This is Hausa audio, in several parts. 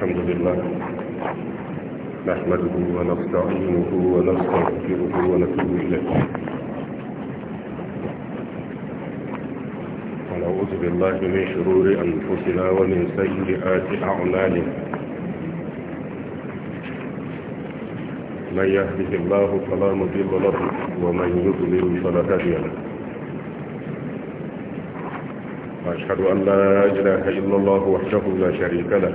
الحمد لله نحمده ونستعينه ونستغفره ونتوب إليه ونعوذ بالله من شرور أنفسنا ومن سيئات أعمالنا من يهده الله فلا مضل له ومن يضلل فلا هادي له وأشهد أن لا إله إلا الله وحده لا شريك له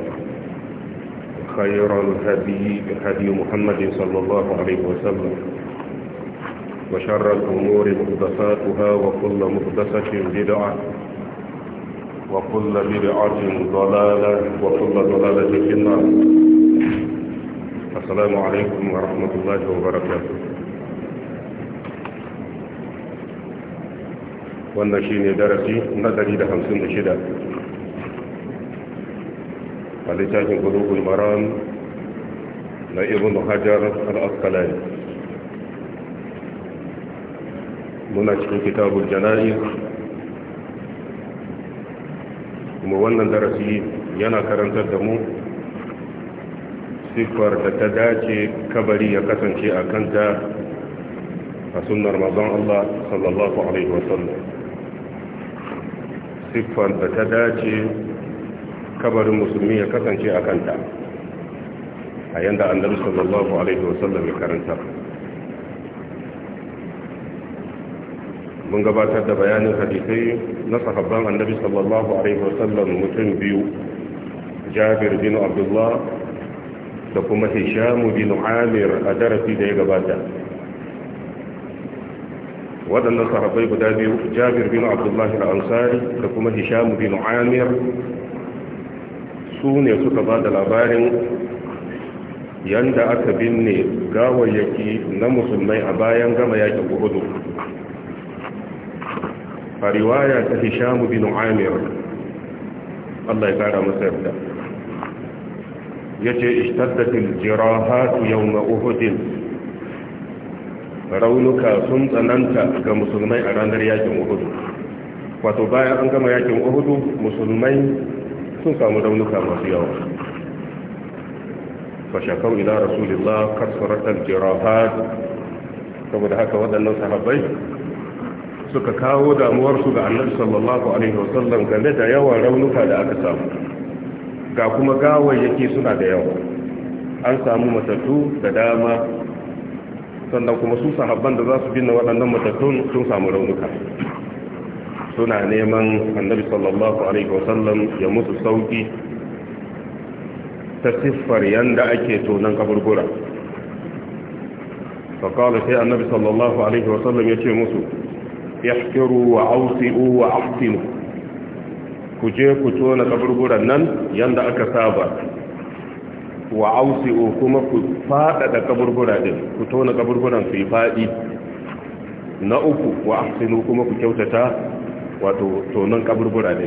خير الهدي هدي محمد صلى الله عليه وسلم وشر الأمور مهدساتها وكل مهدسة بدعة وكل بدعة ضلالة وكل ضلالة في النار السلام عليكم ورحمة الله وبركاته wannan ندري دهم سنة شدة a littafin gudugul maram na ibn hajar al-asqalani muna cikin kitabun jana'iz kuma wannan darasi yana karantar da mu siffar da ta dace kabari ya kasance a kanta a sunnar mazan Allah sallallahu Alaihi wasallam siffar da ta dace kabarin musulmi ya kasance a kanta a yanda annabi sallallahu alaihi wasallam ya karanta mun gabatar da bayanin hadisai na sahabban annabi sallallahu alaihi wasallam mutum biyu jabir bin abdullah da kuma hishamu bin amir a darasi da ya gabata waɗannan sahabbai guda biyu jabir bin abdullahi al-ansari da kuma hishamu bin amir su ne suka ba da labarin yadda aka binne gawayyaki na musulmai a bayan gama yakin uhudu a riwaya ta hishamu binu amir Allah ya kara masa yadda yace ishtaddatil jirahatu na uhudin raunuka sun tsananta ga musulmai a ranar yakin uhudu wato bayan an gama yakin uhudu musulmai sun samu raunuka masu yawa fashakau ila rasulillah kasaratar jirahad saboda haka waɗannan sahabbai suka kawo damuwarsu ga annabi sallallahu alaihi wasallam game da yawan raunuka da aka samu ga kuma gawayyaki suna da yawa an samu matattu da dama sannan kuma su sahabban da za su binne waɗannan matattun sun samu raunuka suna neman annabi sallallahu alaihi wasallam ya musu sauki ta siffar yanda ake tonon kaburbura faƙawa sai annabi sallallahu alaihi wasallam ya ce musu ihkiru wa ausi'u wa aftinu ku je ku tona kaburburan nan yanda aka saba wa ausi'u kuma ku faɗaɗa kaburbura ɗin ku tona kaburburan su yi faɗi na uku wa aftinu kuma ku kyautata wato tonon kaburbura ne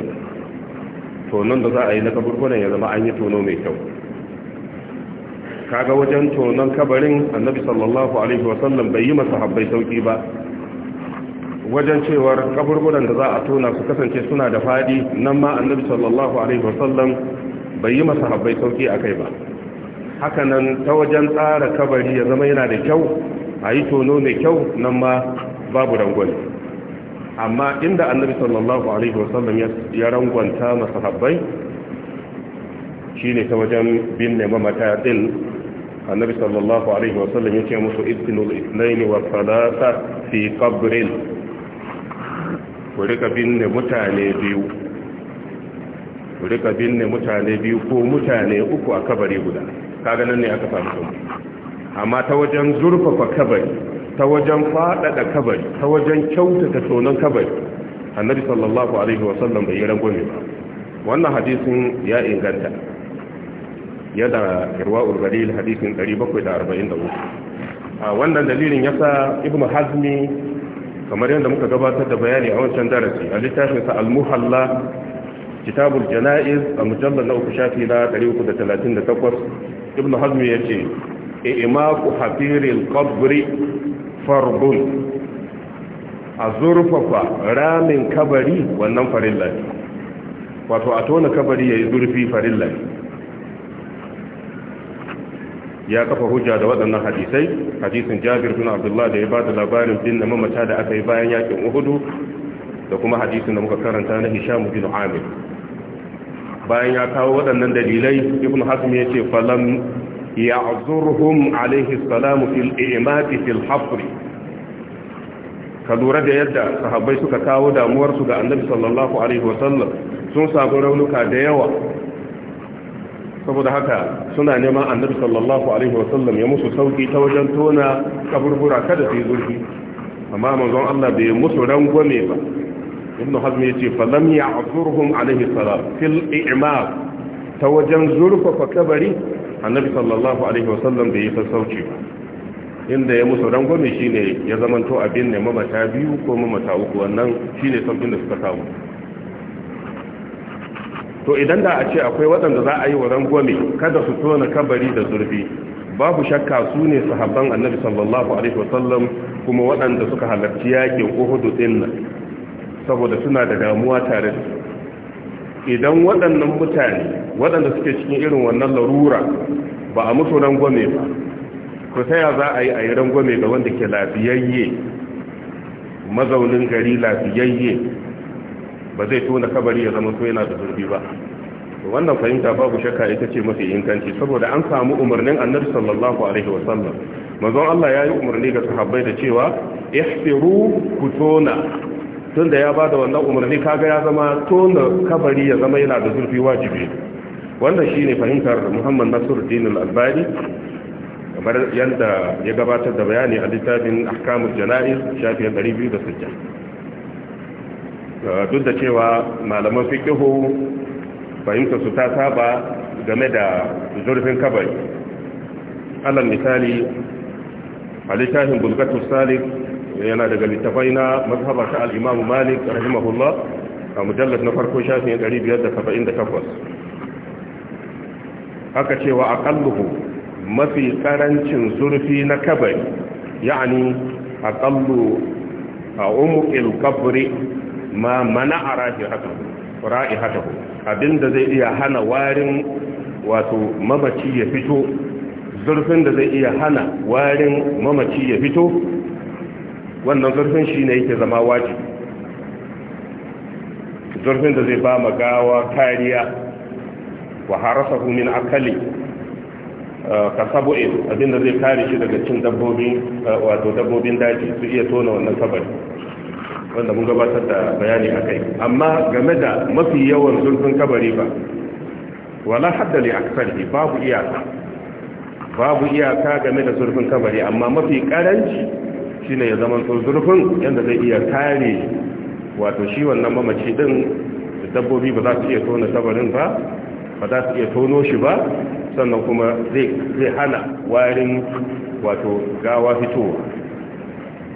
tonon da za a yi na kaburbura ya zama an yi tono mai kyau kaga wajen tonon kabarin annabi sallallahu alaihi wasallam bai yi masa habbai sauki ba wajen cewar kaburburan da za a tona su kasance suna da fadi nan ma annabi sallallahu alaihi wasallam bai yi masa habbai sauki akai ba hakanan ta wajen tsara kabari ya zama yana da kyau a yi tono mai kyau nan ma babu rangwani amma inda annabi sallallahu alaihi wasallam ya rangwanta masahabbai shine ta wajen binne mamata din annabi sallallahu alaihi wasallam ce musu ibtinul ithnain wa thalatha fi qabrin ku rika binne mutane biyu ku rika binne mutane biyu ko mutane uku a kabari guda kaga nan ne aka samu amma ta wajen zurfafa kabari ta wajen faɗaɗa kabari ta wajen kyautata tonon kabari annabi sallallahu alaihi wasallam bai yi rangwame ba wannan hadisin ya inganta yana irwa'ul galil hadisin 743 a wannan dalilin ya sa, ibnu hazmi kamar yadda muka gabatar da bayani a wancan darasi a littafinsa al-muhalla kitabul jana'iz a mujallar na uku shafi na 338 Ibnu hazmi ya ce imaku hafiril qabri farbun a zurfafa ramin kabari wannan farilla wato a tona kabari ya yi zurfi farilla ya kafa hujja da waɗannan hadisai hadisin jabir bin Abdullahi da ya ba da labarin din na mamata da aka yi bayan yakin uhudu da kuma hadisin da muka karanta na hisham bin amir bayan ya kawo waɗannan dalilai ibn hasmi ya ce falam ya'zurhum alaihi salamu fil i'mati ka lura da yadda sahabbai suka kawo damuwarsu su ga annabi sallallahu alaihi wasallam sun samu raunuka da yawa saboda haka suna neman annabi sallallahu alaihi wasallam ya musu sauki ta wajen tona kaburbura kada su yi zurfi amma manzon Allah bai musu rangwame ba ibnu hazm yace fa lam ya'zurhum alaihi salam fil i'mar ta wajen zurfafa kabari annabi sallallahu alaihi wasallam bai yi sassauci ba inda ya musu rangwame shine ya zamanto abin ne mamata biyu ko mamata uku wannan shine saukin da suka samu to idan da a ce akwai waɗanda za a yi wa rangwame kada su tona kabari da zurfi babu shakka su ne sahabban annabi sallallahu alaihi wasallam kuma waɗanda suka halarci yakin uhudu din nan saboda suna da damuwa tare su idan waɗannan mutane waɗanda suke cikin irin wannan larura ba a musu rangwame ba ku saya za a yi a yi rangwame ga wanda ke lafiyayye mazaunin gari lafiyayye ba zai tona kabari ya zama so yana da zurbi ba wannan fahimta babu shakka ita ce mafi inganci saboda an samu umarnin annabi sallallahu alaihi wasallam manzon Allah ya yi umarni ga sahabbai da cewa ihsiru ku tona tun da ya ba da wannan umarni kaga ya zama tona kabari ya zama yana da zurfi wajibi wanda shi ne fahimtar muhammad nasiru al albari. kamar yadda ya gabatar da bayani a littafin ahkamul jana'iz shafiyar 260 uh, duk da cewa malaman fikihu fahimta su ta saba game da zurfin kabari alal misali a littafin bulgatus salik yana daga littafai na mazhaba ta al Malik rahimahullah a mujallar na farko shafin 578 haka cewa a aqalluhu mafi karancin zurfi na kabari a aqallu a umqil qabri ma mana'a rahihatahu ra'ihatahu abinda zai iya hana warin wato mamaci ya fito zurfin da zai iya hana warin mamaci ya fito wannan zurfin shi ne yake zama wajibi zurfin da zai ba ma gawa kariya wa harasa min akali eh, ka sabo'in abinda zai kare shi daga cin dabbobin eh, wato dabbobin daji su iya tona wannan sabari. wanda mun gabatar da bayani a kai amma game da mafi yawan zurfin kabari ba wala hadda li aksarihi babu iyaka babu iyaka game da zurfin kabari amma mafi karanci shine ya zama to zurfin yanda zai iya kare wato shi wannan mamaci din dabbobi ba za su iya tona tabarin ba ba za su iya tono shi ba sannan kuma zai hana warin wato gawa fitowa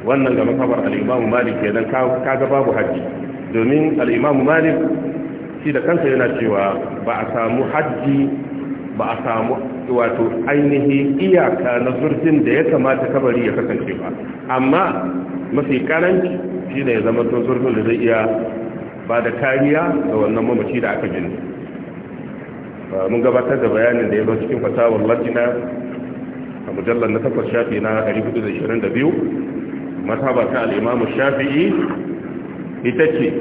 wannan ga makabar al'imamu malik kenan kaga babu haji domin al'imamu malik shi da kansa yana cewa ba a samu haji ba a samu wato ainihi iyaka na zurfin da ya kamata kabari ya kasance ba amma mafi karanci shi ne zama tun zurfin da zai iya ba da kariya ga wannan mamaci da aka jini mun gabatar da bayanin da ya zo cikin fasawar latina a mujallar na takwas shafi na 422 mataba ta al'imamu shafi'i ita ce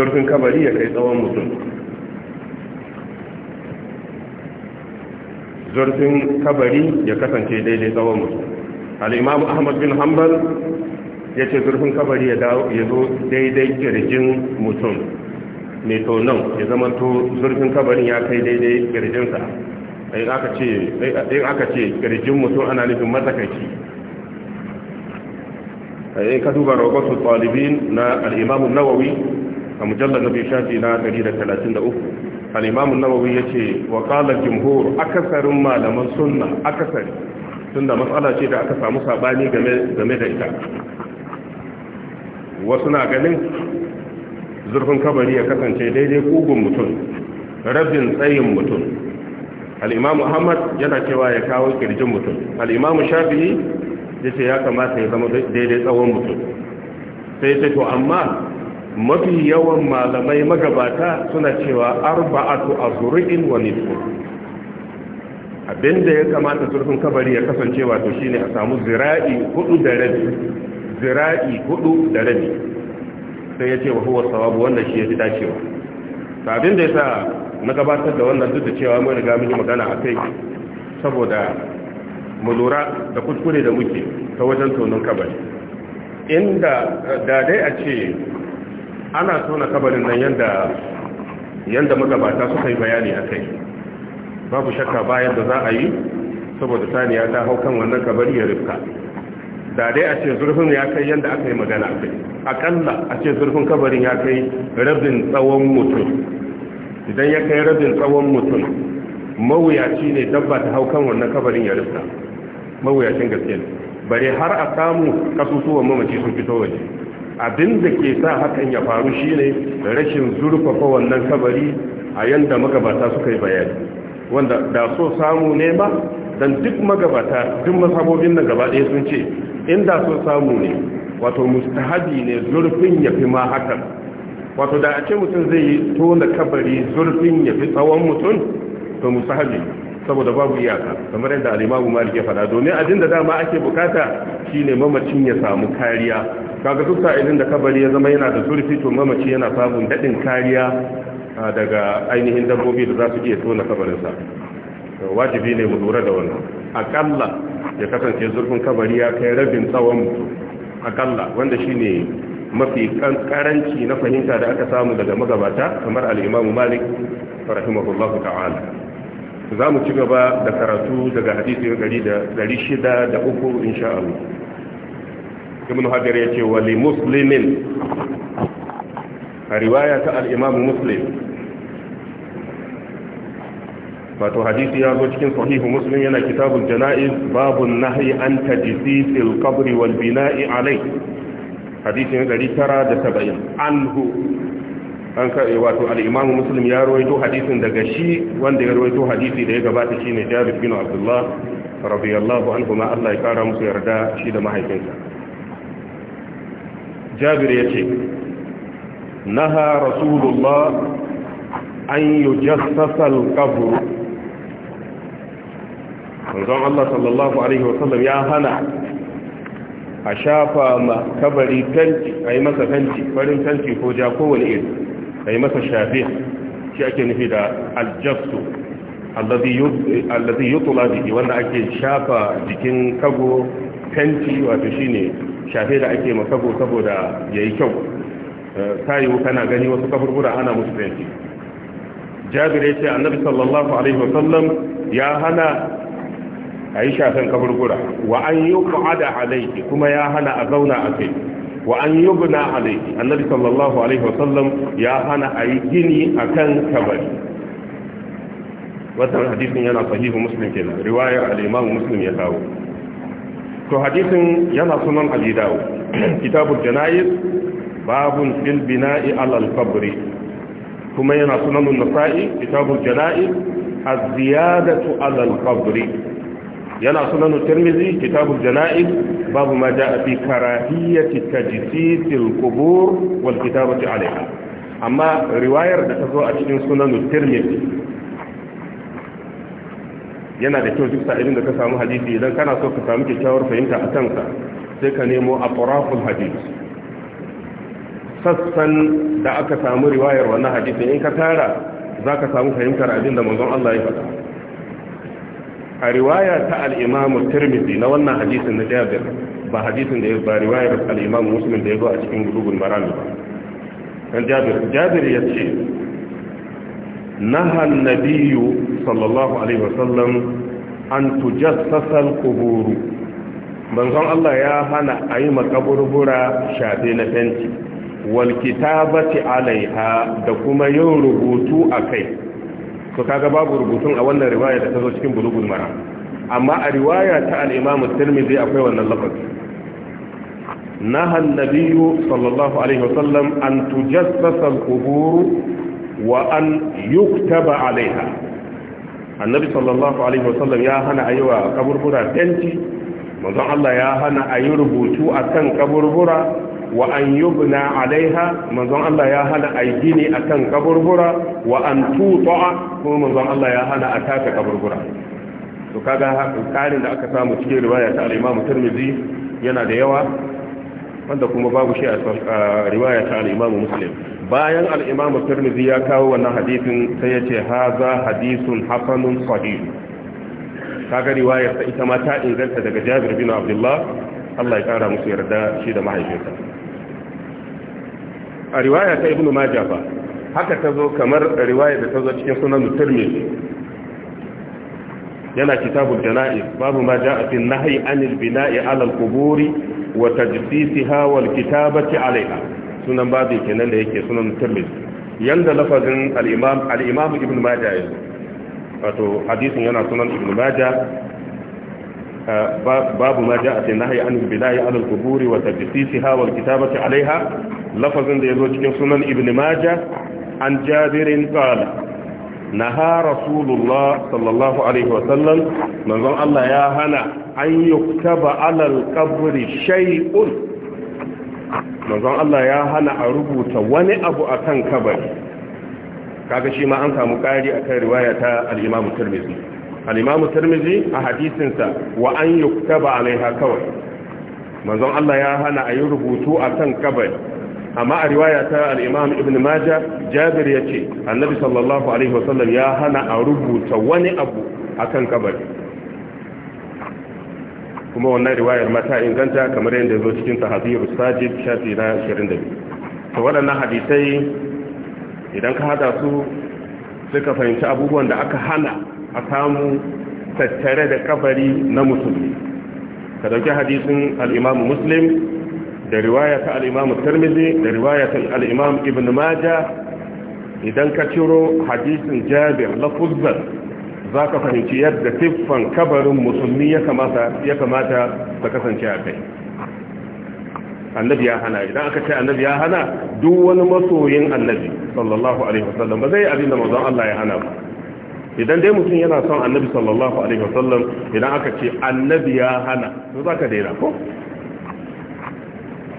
zurfin kabari ya kai tsawon mutum zurfin kabari ya kasance daidai tsawon musu. Alimamu ahmad bin hanbal ya ce zurfin kabari ya zo daidai kirjin mutum mai tonon ya zama to zurfin kabarin ya kai daidai kirjinsa in aka ce kirjin mutum ana nufin a yi ka duba rogosu talibin na al'imamun nawawi a mujallar na bishafi na 133 al-imam an-nawawi yace wa qala jumhur akasarin malaman sunna akasari tunda matsala ce da aka samu sabani game da ita wasu na ganin zurfin kabari ya kasance daidai kugun mutum rabin tsayin mutum al ahmad yana cewa ya kawo kirjin mutum al-imam shafi'i yace ya kamata ya zama daidai tsawon mutum sai ce to amma mafi yawan malamai magabata suna cewa arba'atu azru'in wa nisfu abinda ya kamata zurfin kabari ya kasance wato shine a samu zira'i hudu da rabi zira'i hudu da rabi sai ya ce wa huwa sawabu wannan shi ya fi dacewa ta abinda ya sa na gabatar da wannan duk da cewa mun riga mun magana a kai saboda mu lura da kuskure da muke ta wajen tonon kabari inda da dai a ce ana tona kabarin nan yanda yanda magabata suka yi bayani a kai babu shakka bayan da za a yi saboda saniya ta hau kan wannan kabari ya rifka da dai a ce zurfin ya kai yanda aka yi magana kai akalla a ce zurfin kabarin ya kai rabin tsawon mutum idan ya kai rabin tsawon mutum mawuyaci ne dabba ta hau kan wannan kabarin ya rifka mawuyacin gaske bare har a samu kasusuwan mamaci sun fito waje Abinda ke sa hakan ya faru shine rashin zurfafa wannan kabari a yanda magabata suka yi bayani wanda da so samu ne ba don duk magabata duk masabobin na gaba ɗaya sun ce inda so samu ne wato mustahabi ne zurfin ya fi ma hakan wato da a ce mutum zai yi tona kabari zurfin ya fi tsawon mutum to mustahabi saboda babu iyaka kamar yadda alimamu malik ya faɗa domin abin da dama ake bukata shine mamacin ya samu kariya kaga duk sa'ilin da kabari ya zama yana da zurfi to mamaci yana samun daɗin kariya daga ainihin dabbobi da za su iya tona kabarinsa wajibi ne mu lura da wannan akalla ya kasance zurfin kabari ya kai rabin tsawon mutum akalla wanda shine mafi karanci na fahimta da aka samu daga magabata kamar al-Imam Malik rahimahullahu ta'ala za mu ci gaba da karatu daga hadisi gari da 603 insha Allah ibn hajar ya ce wali muslimin a riwaya ta al'imamu muslim wato hadisi ya zo cikin sahihu muslim yana kitabun jana'iz babun nahi an tajisisil kabri wal bina'i alai hadisin 970 anhu an ka wato al-Imam Muslim ya rawaito hadisin daga shi wanda ya rawaito hadisi da ya gabata shine Jabir bin Abdullah radiyallahu anhu ma Allah ya kara musu yarda shi da mahaifinsa jabir ya ce na naha rasulullah an yi jassasal kaburu manzon Allah sallallahu Alaihi wasallam ya hana a shafa ma kabari tanti a yi masa tanti farin tanti ko ja kowane iri a yi masa shafi shi ake nufi da aljabtu allazi yutula biki wanda ake shafa jikin kago tanti wato shi ne. shafe da ake masabo saboda ya yi kyau eh, tayiwu kana gani wasu kaburbura ana musulunci fenti jabir ya ce annabi sallallahu alaihi wasallam ya hana a yi shafen kaburbura wa an yi ku'ada alaiki kuma ya hana a zauna a kai wa an yi guna alaiki annabi sallallahu alaihi wasallam ya hana a yi gini a kan kabari wata hadisin yana sahihu muslim kenan riwayar al-imam muslim ya kawo to hadisin yana sunan abi dawo kitabul janayiz babun fil bina'i Al-Alfabri. kuma yana sunan nasa'i kitabul janayiz az-ziyadatu Al-Alfabri. yana sunan tirmizi kitabun janayiz babu ma ja'a fi karahiyati tajsisil qubur wal kitabati alaiha amma riwayar da ta zo a cikin sunan tirmizi yana da kyau duk sa'ilin da ka samu hadisi idan kana so ka samu kyakkyawar fahimta a kansa sai ka nemo a ƙorafin hadisi sassan da aka samu riwayar wannan hadisi in ka tara za ka samu fahimtar abin da manzon Allah ya faɗa a riwaya ta al'imamu tirmidhi na wannan hadisin na jabir ba hadisin da ya ba riwayar al'imamu musulun da ya zo a cikin gudugun marami ba kan jabir jabir ya ce nahan nabiyu sallallahu alaihi wasallam an tujassasal kuburu manzon Allah ya hana a yi makaburbura shafe na fenti wal kitabati alaiha da kuma yin rubutu a kai to kaga babu rubutun a wannan riwaya da ta zo cikin bulugul mara amma a riwaya ta al-imam tirmidhi akwai wannan lafazi naha an-nabiyyu sallallahu alaihi wasallam an tujassasa al wa an yuktaba alaiha annabi sallallahu alaihi wasallam ya hana yiwa kaburbura fenti manzon Allah ya hana ayi rubutu akan kaburbura wa an yubna alaiha manzon Allah ya hana yi gini a kan kaburbura wa an kuma manzon Allah ya hana a taka kaburbura to kaga karin da aka samu cikin riwaya ta al-Imam Tirmidhi yana da yawa wanda kuma babu shi a riwaya ta al-Imam Muslim bayan al-Imam ya kawo wannan hadisin sai ya ce haza hadisun hasanun sahih kaga riwayar ta ita ma ta inganta daga Jabir bin Abdullah Allah ya kara musu yarda shi da mahaifinsa a riwaya ta Ibn Majah haka haka tazo kamar riwayar da tazo cikin sunan Tirmidhi yana kitabul jana'iz babu ma ja'a fi nahyi anil bina'i 'ala al-qubur wa tajdisiha wal kitabati 'alayha sunan babu kenan da yake sunan tirmidhi yanda lafazin al-imam al-imam ibn majah wato hadisin yana sunan ibn majah babu ma ja'a fi nahyi anil bina'i 'ala al-qubur wa tajdisiha wal kitabati 'alayha lafazin da yazo cikin sunan ibn majah an jabirin qala naha rasulullah sallallahu alaihi wasallam manzon Allah ya hana an yuktaba alal qabri shay'un manzon Allah ya hana a rubuta wani abu akan kabari kaga shi ma an samu kari akan riwaya ta al-Imam Tirmidhi al a hadisinsa wa an yuktaba alaiha kawai manzon Allah ya hana a yi rubutu akan kabari amma a riwaya ta al ibn maja jabir ya ce annabi sallallahu alaihi wasallam ya hana a rubuta wani abu kan kabari kuma wannan riwayar mata inganta kamar yadda zo cikin tahdhirus sajid shafi na 22 to waɗannan hadisai idan ka hada su suka fahimci abubuwan da aka hana a samu tattare da kabari na musulmi ka ɗauki hadisin al'imam muslim da riwaya ta al'imamu tarmizi da riwaya ta al'imamu ibn maja idan ka ciro hadisin jabir na fuzbar za ka fahimci yadda siffan kabarin musulmi ya kamata ta kasance a kai annabi ya hana idan aka ce annabi ya hana duk wani masoyin annabi sallallahu alaihi wasallam ba zai yi abin da mazan Allah ya hana ba idan dai mutum yana son annabi sallallahu alaihi wasallam idan aka ce annabi ya hana to za ka daina ko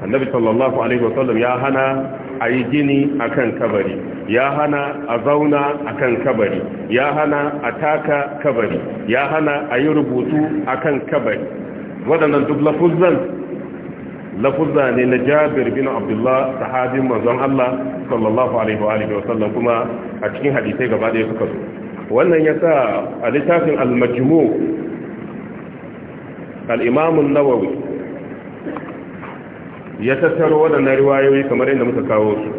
annabi sallallahu alaihi wasallam ya hana a yi gini a kan kabari ya hana a zauna a kan kabari ya hana a taka kabari ya hana a yi rubutu a kan kabari waɗannan duk lafuzan lafuzza ne na jabir bin abdullah sahabin manzon Allah sallallahu alaihi wa alihi wasallam kuma a cikin hadisai gaba ɗaya suka zo wannan ya sa a littafin al-majmu al-imam an-nawawi ya tattaro waɗannan riwayoyi kamar yadda muka kawo su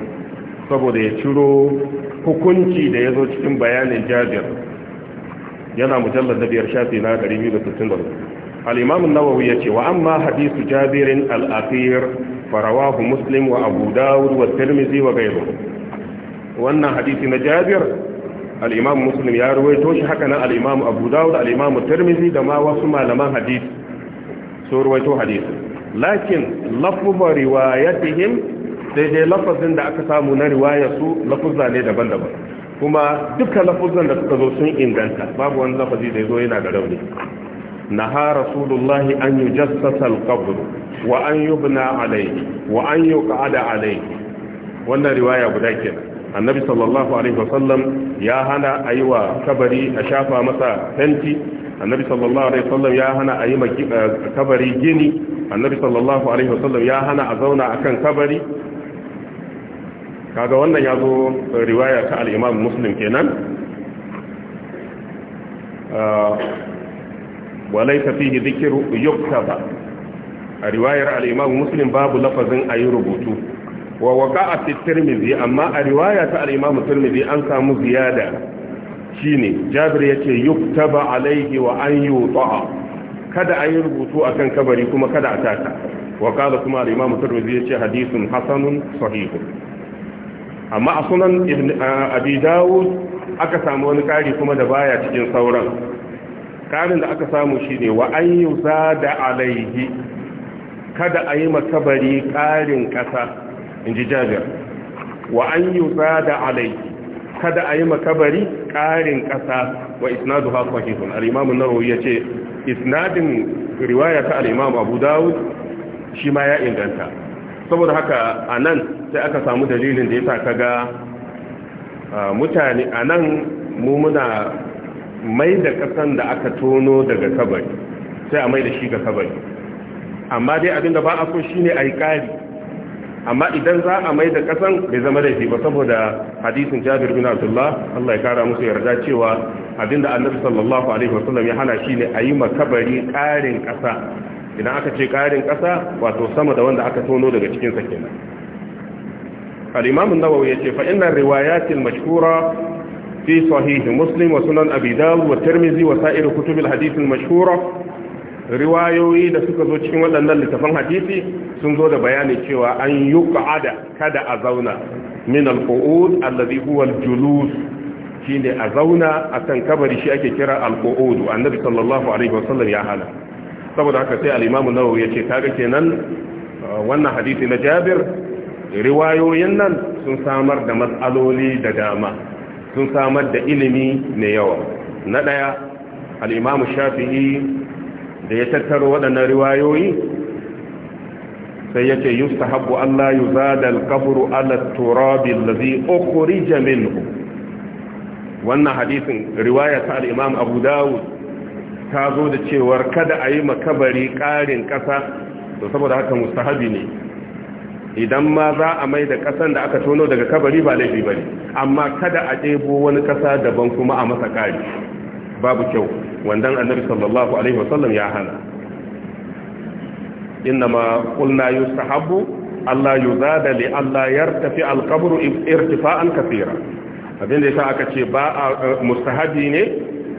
saboda ya ciro hukunci da ya zo cikin bayanin jabir yana mujallar da biyar shafi na 264 al'imamun nawawi ya ce wa amma hadisu jabirin al'afir farawahu muslim wa abu dawud wa tirmizi wa gairu wannan hadisi na jabir al'imamun muslim ya ruwaito shi haka nan al'imamun abu dawud al'imamun tirmizi da ma wasu malaman hadisi sun ruwaito hadisi lakin lafuzar riwayatihim sai dai lafazin da aka samu na riwayar su lafuzza ne daban-daban kuma dukkan lafuzan da suka zo sun inganta babu wani lafazi da ya zo yana da rauni Na naha rasulullahi an yujassasa alqabr wa an yubna alayhi wa an yuqada alai. wannan riwaya guda kenan annabi sallallahu alaihi wasallam ya hana a yi wa kabari a shafa masa fenti annabi sallallahu alaihi wasallam ya hana a ayi eh, kabari gini annabi sallallahu alaihi wasallam ya hana a zauna akan kabari kaga wannan ya zo riwaya ta al'imam muslim kenan ah, walai tafihi zikiru yukta ba a riwayar al'imam muslim babu lafazin a yi rubutu wa waka a tirmidhi amma a riwaya ta al'imam tirmidhi an samu ziyada shine jabir ya ce yukta ba alaihi wa an yi kada a yi rubutu a kan kabari kuma kada a taka wa kada kuma da imamu turmizi ya ce hadisun hasanun sahihun amma a sunan abi aka samu wani kari kuma da baya cikin sauran karin da aka samu shi ne wa an yi da alaihi kada a yi makabari karin kasa in ji jajar wa an yi da alaihi kada a yi makabari ƙarin ƙasa wa isnadu ha sahihun al al’imamun an-nawawi yace isnadin riwaya ta al abu dawud shi ma ya inganta saboda haka a nan sai aka samu dalilin da ya sa ka ga. mutane nan mu muna mai da ƙasan da aka tono daga kabari sai a mai da shi ga kabari amma dai abinda ba a so a yi ƙari amma idan za a mai da kasan bai zama da ba saboda hadisin jabir bin abdullah Allah ya kara musu yarda cewa abinda annabi sallallahu alaihi wasallam ya hana shine a yi makabari karin kasa idan aka ce karin kasa wato sama da wanda aka tono daga cikin sa kenan al-imam an-nawawi yace fa inna riwayat al-mashhura fi sahih muslim wa sunan abi dawud wa tirmidhi wa sa'ir kutub hadith al-mashhura riwayoyi da suka zo cikin waɗannan littafan hadisi sun zo da bayani cewa an yi ƙa'ada kada a zauna min alƙo'ud allazi huwa julus shine a zauna akan kabari shi ake kira alƙo'ud annabi sallallahu alaihi wasallam ya hana saboda haka sai al-imamu nawawi yace kaga kenan uh, wannan hadisi na Jabir riwayoyin nan sun samar da matsaloli da dama sun samar da ilimi ne yawa na daya al-imamu shafi'i da ya tattaro waɗannan riwayoyi sai ya ce Yusta haɓu Allah yuzada al-qabru ala turabi allazi ukhrija minhu wannan hadisin riwaya ta alimam imam Abu Dawud ta zo da cewar kada a yi makabari ƙarin ƙasa to saboda haka mustahabi ne idan ma za a mai da ƙasan da aka tono daga kabari ba laifi ne. amma kada a ɗebo wani ƙasa daban kuma a masa ƙari babu kyau wandan annabi sallallahu alaihi wasallam ya hana innama qulna yustahabbu Allah yuzada li Allah yartafi alqabru irtifa'an kaseera abin da yasa aka ce ba a mustahabi ne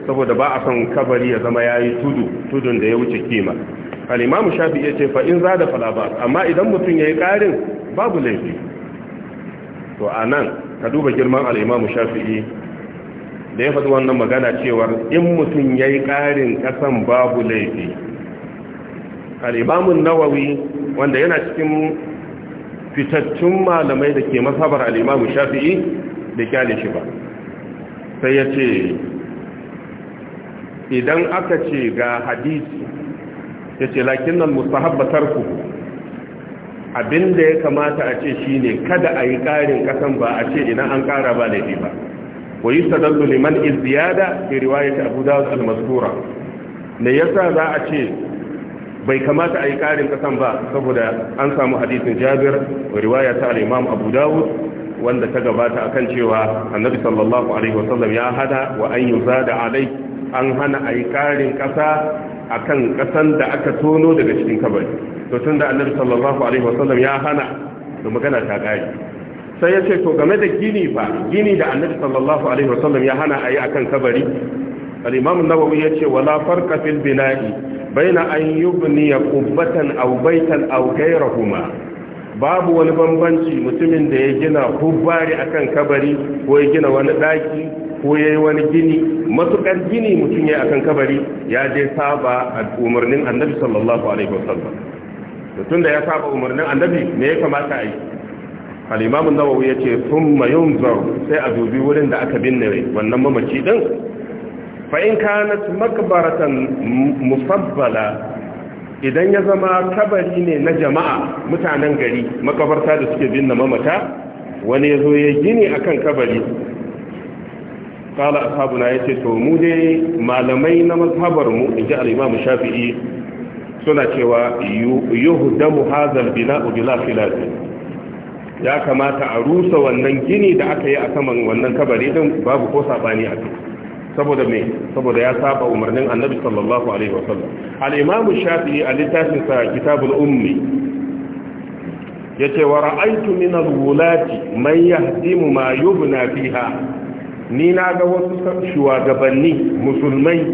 saboda ba a son kabari ya zama yayi tudu tudun da ya wuce kima al-imam shafi'i ce fa in zada fala ba amma idan mutun yayi karin babu laifi to anan ka duba girman al-imam shafi'i da ya faɗi wannan magana cewar in mutum ya yi ƙarin ƙasan babu laifi al'imamun nawawi wanda yana cikin fitattun malamai da ke masabar al'imamun shafi'i da kyale shi ba sai ya ce idan aka ce ga hadisi ya ce lakin nan mustahabbatar ku abinda ya kamata a ce shi ne kada a yi ƙarin ƙasan ba a ce idan an ƙara ba laifi ba wa yustadallu liman izdiyada fi riwayat Abu Dawud al-mazkura ne yasa za a ce bai kamata a yi karin kasan ba saboda an samu hadisin Jabir wa riwaya ta al Abu Dawud wanda ta gabata akan cewa Annabi sallallahu alaihi wasallam ya hada wa an yuzada alai an hana a yi karin kasa akan ƙasan da aka tono daga cikin kabari to tunda Annabi sallallahu alaihi wasallam ya hana to magana ta kare sai ya ce to game da gini ba, gini da annabi sallallahu alaihi wasallam ya hana ayi akan kabari al-imam an-nawawi yace wala farqa fil bina'i baina an yubni qubbatan aw baytan aw ghayrahuma babu wani bambanci mutumin da ya gina hubbari akan kabari ko ya gina wani daki ko ya yi wani gini matukar gini mutum ya akan kabari ya je saba umarnin annabi sallallahu alaihi wasallam tun da ya saba umarnin annabi me ya kamata a yi al'imamun nawawi ya ce sun mayun sai a dubi wurin da aka binne wannan mamaci ɗin fa'in kanat makabaratan musabbala idan ya zama kabari ne na jama'a mutanen gari makabarta da suke binne mamata wani ya zo ya gini akan kabari kala ashabuna ya ce to mu dai malamai na mazhabar mu in ji al'imamu shafi'i suna cewa yuhu damu hazal bila ubila filafi ya kamata a rusa wannan gini da aka yi a saman wannan kabari din babu ko sabani a kai saboda me saboda ya saba umarnin annabi sallallahu alaihi wasallam al-imam shafi'i a littafin sa kitabul ummi yace wa ra'aytu min al-wulati man yahdimu ma yubna fiha ni na ga wasu shugabanni musulmai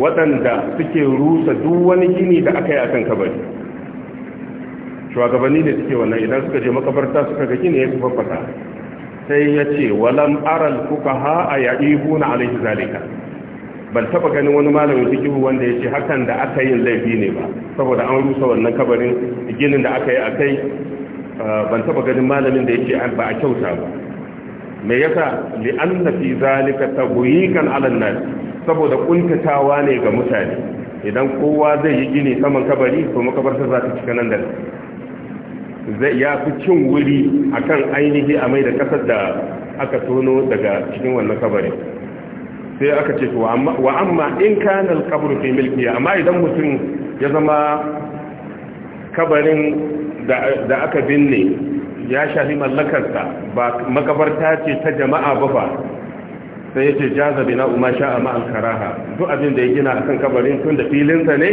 waɗanda suke rusa duk wani gini da aka yi a kan kabari shugabanni ne suke wannan idan suka je makabarta suka ga gini ya fata sai ya ce walam aral fuqaha ayibuna alaihi zalika ban taba ganin wani malamin fikihu wanda ya ce hakan da aka yin laifi ne ba saboda an rusa wannan kabarin ginin da aka yi a kai eh, ban taba ganin malamin da ya ce ba a kyauta ba me yasa li anna fi zalika tabyikan ala nas saboda kuntatawa ne ga mutane idan kowa zai yi gini saman kabari to makabarta za ta cika nan da ya fi cin wuri a kan ainihi a mai da kasar da aka tono daga cikin wannan kabarin sai aka ce wa amma in kanar alqabru fi milki amma idan mutum ya zama kabarin da aka binne ya shafi mallakarsa ba makabarta ce ta jama'a ba ba sai ce jaza bina na'uma sha'a ma karaha duk abin da ya gina a kan kabarin tun da filinsa ne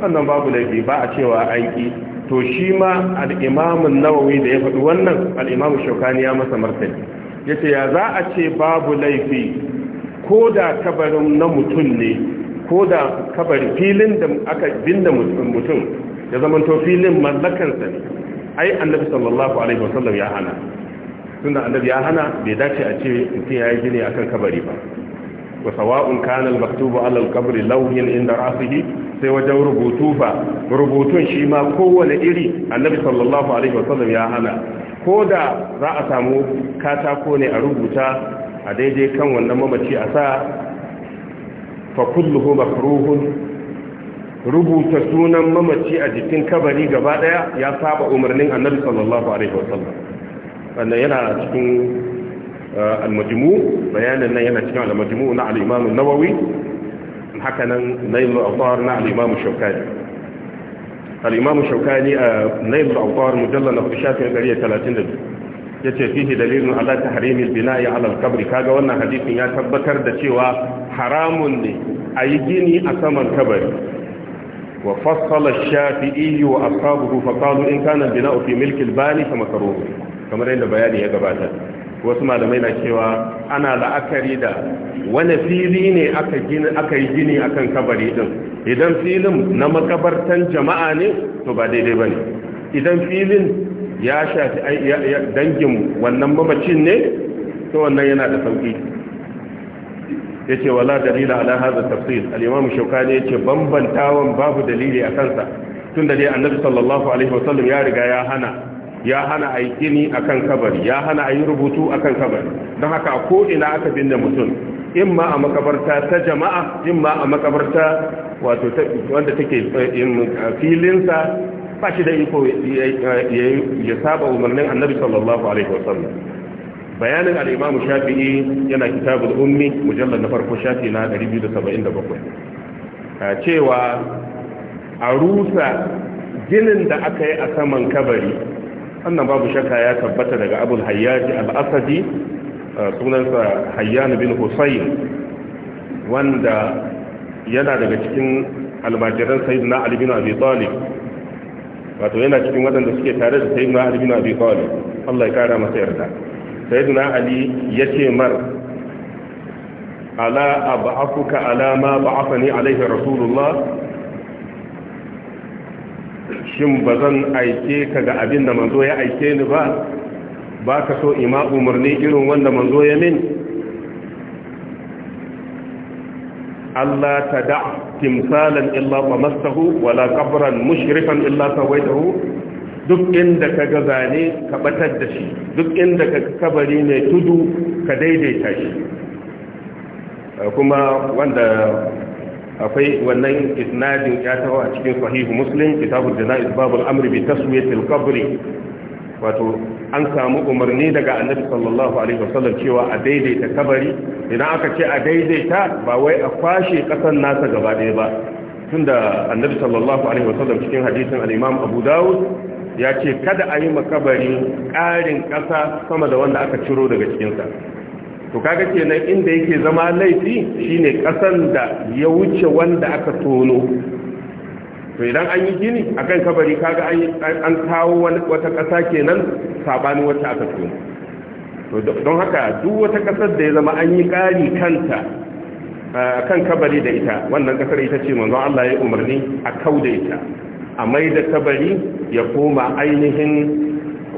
wannan babu laifi ba a cewa aiki to shi ma al'imamun nawawi da ya faɗi wannan al'imamun shaukani ya masa martani ya ce ya za a ce babu laifi ko da kabarin na mutum ne ko da kabarin filin da aka bin da mutum ya zama to filin mallakansa ne ai annabi sallallahu alaihi wasallam ya hana tunda annabi ya hana bai dace a ce mutum ya yi gini akan kabari ba wa sawa'un kana al-maktubu ala al-qabri lawhin inda rasihi sai wajen rubutu fa rubutun shi ma kowane iri annabi sallallahu alaihi wasallam ya hana ko da za a samu katako ne a rubuta a daidai kan wannan mamaci a sa fa kulluhu makruhun rubuta sunan mamaci a jikin kabari gaba daya ya saba umarnin annabi sallallahu alaihi wasallam wannan yana cikin آه، المجموع بيان النيمة على المجموع نعلي الامام النووي حكى نيل الأوطار نعلي الامام الشوكاني الإمام الشوكاني آه، نيل الأوطار مجلة نفرشات مجلية 30 يتي فيه دليل على تحريم البناء على الكبر كاغا وانا حديث تبكر بكر دشيوا حرام أي جيني أسام الكبر وفصل الشافعي واصحابه فقالوا إن كان البناء في ملك الباني فمكروه كما رأينا بياني يا قباتات wasu malamai na cewa ana la'akari da wani fili ne aka yi gini akan kabari din idan filin na makabartan jama'a ne to ba daidai ba ne idan filin ya shafi dangin wannan mamacin ne to wannan yana da sauki ya ce wala dalila ala haza tafsir al'imamu shaukani ya yace bambantawan babu dalili a kansa tun da dai annabi sallallahu alaihi wasallam ya riga ya hana ya hana a yi gini a kan kabari ya hana a yi rubutu a kan kabari don haka a ko'ina aka binne mutum in ma a makabarta ta jama'a in ma a makabarta wato wanda take eh, filinsa ba shi da iko ya saba umarnin annabi sallallahu alaihi wasallam bayanin al'imamu shafi'i yana kitabul ummi mujallar na farko shafi na 277 cewa a rusa ginin da aka yi a saman kabari annan babu shakka ya tabbata daga abul hayyaji al-asadi sunansa hayyan bin husayn wanda yana daga cikin almajiran sayyidina ali bin abi talib wato yana cikin waɗanda suke tare da sayyidina ali bin abi talib Allah ya kara masa yarda sayyidina ali yace mar ala ab'afuka ala ma ba'athani alayhi rasulullah shin ba zan aike ka ga abin da manzo ya aike ni ba ba ka so ima umarni irin wanda manzo ya min Allah ta da timsalan illa ba mastahu wala kabran mushrifan illa sawaitahu duk inda ka ga zane ka batar da shi duk inda ka kabari mai tudu ka daidaita shi kuma wanda akwai wannan isnadin ya taho a cikin sahihu muslim kitabul janaiz babul amri bi taswiyatil qabri wato an samu umarni daga annabi sallallahu alaihi wasallam cewa a daidaita kabari idan aka ce a daidaita ba wai a kwashe kasan nasa gaba ɗaya ba tunda annabi sallallahu alaihi wasallam cikin hadisin al-imam abu dawud ya ce kada a yi makabari ƙarin ƙasa sama da wanda aka ciro daga cikinsa to kaga kenan inda yake zama laifi shine kasan da ya wuce wanda aka tono to idan an yi gini akan kabari kaga an kawo wata kasa kenan sabanin wacce aka tono to don haka duk wata kasar da ya zama an yi kari kanta kan kabari da ita wannan kasar ita ce manzon Allah ya umarni a kauda ita a mai da kabari ya koma ainihin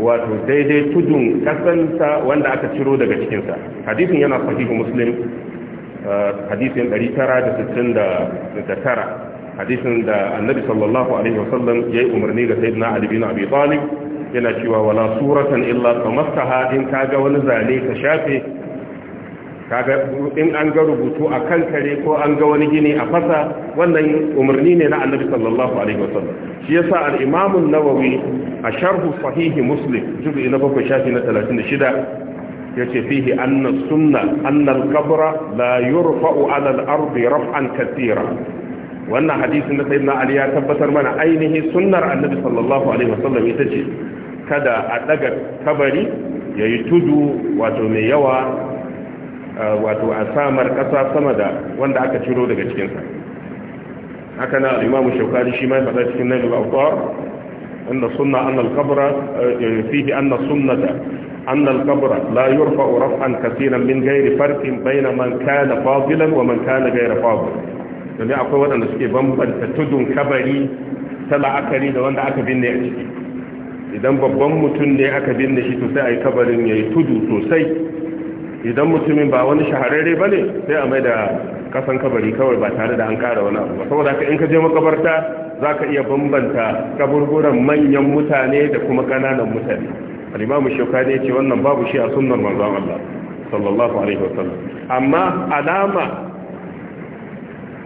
wato daidai tudun kasanta wanda aka ciro daga cikinsa hadisin yana sahihu muslim uh, hadisin 969 hadisin da annabi sallallahu alaihi wasallam ya yi umarni ga sayyidina ali bin abi talib yana cewa wala suratan illa tamattaha in kaga wani zane ka shafe kaga in an ga rubutu a kan kare ko an ga wani gini a fasa wannan umarni ne na annabi sallallahu alaihi wasallam shi yasa al-imam an-nawawi a sharhu sahih muslim juz'i na bakwai shafi na 36 yace fihi anna sunna anna al-qabra la yurfa'u 'ala al-ardi raf'an katira wannan hadisin da sayyidina ali ya tabbatar mana ainihi sunnar annabi sallallahu alaihi wasallam ita ce kada a daga kabari yayi tudu wato mai yawa wato a samar ƙasa sama da wanda aka ciro daga cikinsa haka na al'imamu shaukari shi mai faɗa cikin nan al'afar inda suna an al-kabra eh, eh, fihi anna sunnata an al-kabra la yurfa'u raf'an kaseeran min ghairi farqin bayna man kana fadilan wa man kana ghayra fadil Domin akwai waɗanda suke bambanta tudun kabari ta la'akari da wanda aka binne a ciki idan babban mutum ne aka binne shi sosai ayi a yi kabarin ya yi tudu sosai idan mutumin ba wani shahararre ba ne sai a mai da kasan kabari kawai ba tare da an kara wani abu ba saboda ka in ka je makabarta za ka iya bambanta kaburburan manyan mutane da kuma kananan mutane alimamu shauka ne ce wannan babu shi a sunnar manzon Allah sallallahu alaihi wasallam amma alama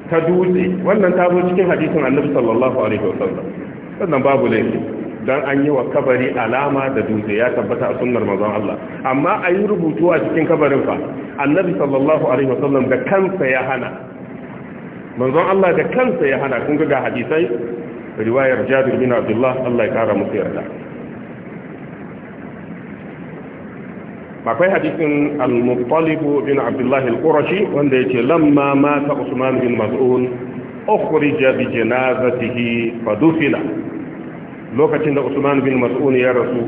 ta dutse wannan ta zo cikin hadisin annabi sallallahu alaihi wasallam sannan babu laifi don an yi wa kabari alama da dutse ya tabbata a sunar mazan Allah amma a yi rubutu a cikin kabarin fa annabi sallallahu alaihi wasallam da kansa ya hana manzon Allah da kansa ya hana kun ga hadisai riwayar Jabir bin Abdullah Allah ya kara musu yarda akwai hadisin al-Muttalib bin Abdullah al-Qurashi wanda yake lamma mata Usman bin Mas'un ukhrija bi janazatihi lokacin da usman bin mas'un ya rasu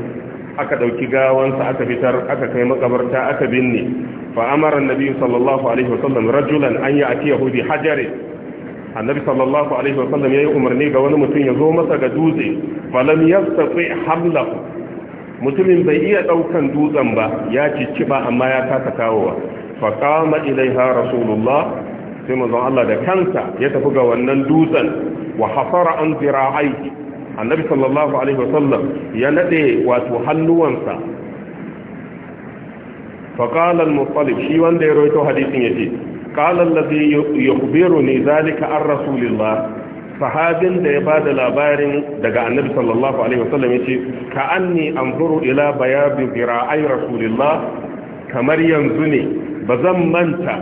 aka dauki gawansa aka fitar aka kai makabarta aka binne fa amara annabi sallallahu alaihi wasallam rajulan an ya'tiyahu bi hajarin annabi sallallahu alaihi wasallam yayi umarni ga wani mutum ya zo masa ga dutse falam yastati hamlahu mutumin bai iya daukan dutsen ba ya ba amma ya kasa kawowa fa qama ilaiha rasulullah sai manzon Allah da kansa ya tafi ga wannan dutsen wa hasara an zira'aihi annabi sallallahu alaihi wasallam ya nade wato hannuwansa فقال المطلب شي وان ya رويته حديثين يجي قال الذي يخبرني ni عن رسول rasulillah? sahabin da ya ba da labarin daga annabi sallallahu alaihi wasallam ya ce ka anni anzuru ila bayabi bira'ai rasulillah kamar yanzu ne ba zan manta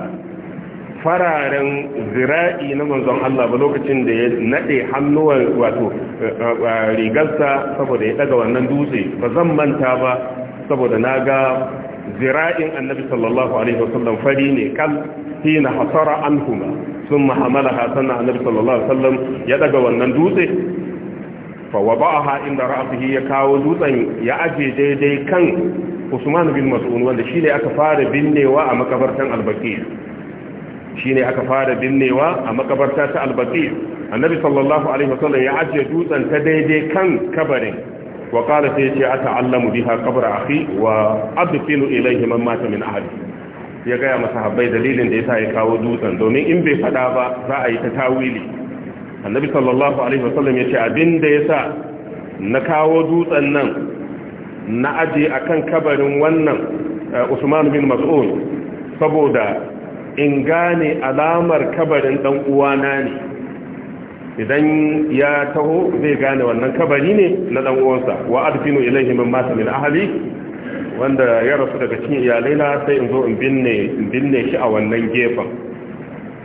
fararen zira'i na manzon Allah ba lokacin da ya naɗe hannuwan wato eh, eh, eh, rigarsa saboda ya ɗaga wannan dutse ba zan manta ba saboda na ga zira'in annabi sallallahu alaihi wasallam fari ne kan hina hasara anhuma sun mahamala na annabi sallallahu alaihi wasallam ya ɗaga wannan dutse fa ha inda ra'sihi ya kawo dutsen ya aje daidai kan Usman bin Mas'ud wanda shine aka fara binnewa a makabartan Al-Baqi shine aka fara binnewa a makabarta ta albaki annabi sallallahu alaihi wasallam ya ajiye dutsen ta daidai kan kabarin wa qala sai ce ata'allamu biha qabra akhi wa abtilu ilayhi man mata min ahli ya ga masa habbai dalilin da yasa ya kawo dutsen domin in bai fada ba za a yi ta tawili annabi sallallahu alaihi wasallam ya ce abinda yasa na kawo dutsen nan na aje akan kabarin wannan eh, Usman bin Mas'ud saboda in gane alamar kabarin dan uwana ne idan ya taho zai gane wannan kabari ne na dan uwansa wa adfinu ilayhi min mata min wanda ya rasu daga cikin iyalai na sai in zo in binne in binne shi a wannan gefen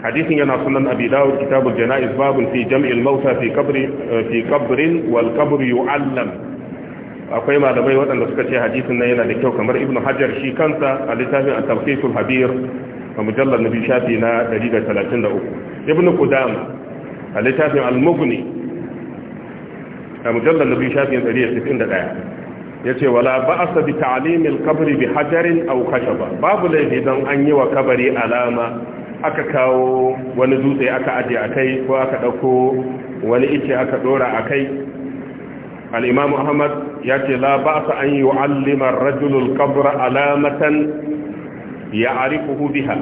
hadisin yana sunan abi dawud kitabul janaiz babun fi jam'il mauta fi qabri eh, fi qabrin wal yu'allam akwai malamai waɗanda suka ce hadisin nan yana da kyau kamar ibnu hajar shi kansa a littafin at-tafsirul habir a mujallar nabi shafi na 133 ibn qudama a littafin al-mughni a mujallar nabi shafi na 161 yace wala ba'sa bi ta'lim al-qabr bi hajarin aw ba. babu laifi dan an yi wa kabari alama aka kawo wani dutse aka aje kai ko aka ɗauko wani ice aka ɗora akai kai. imam ahmad ce la ba'sa an yu'allima ar-rajulu al-qabr alamatan ya arifuhu biha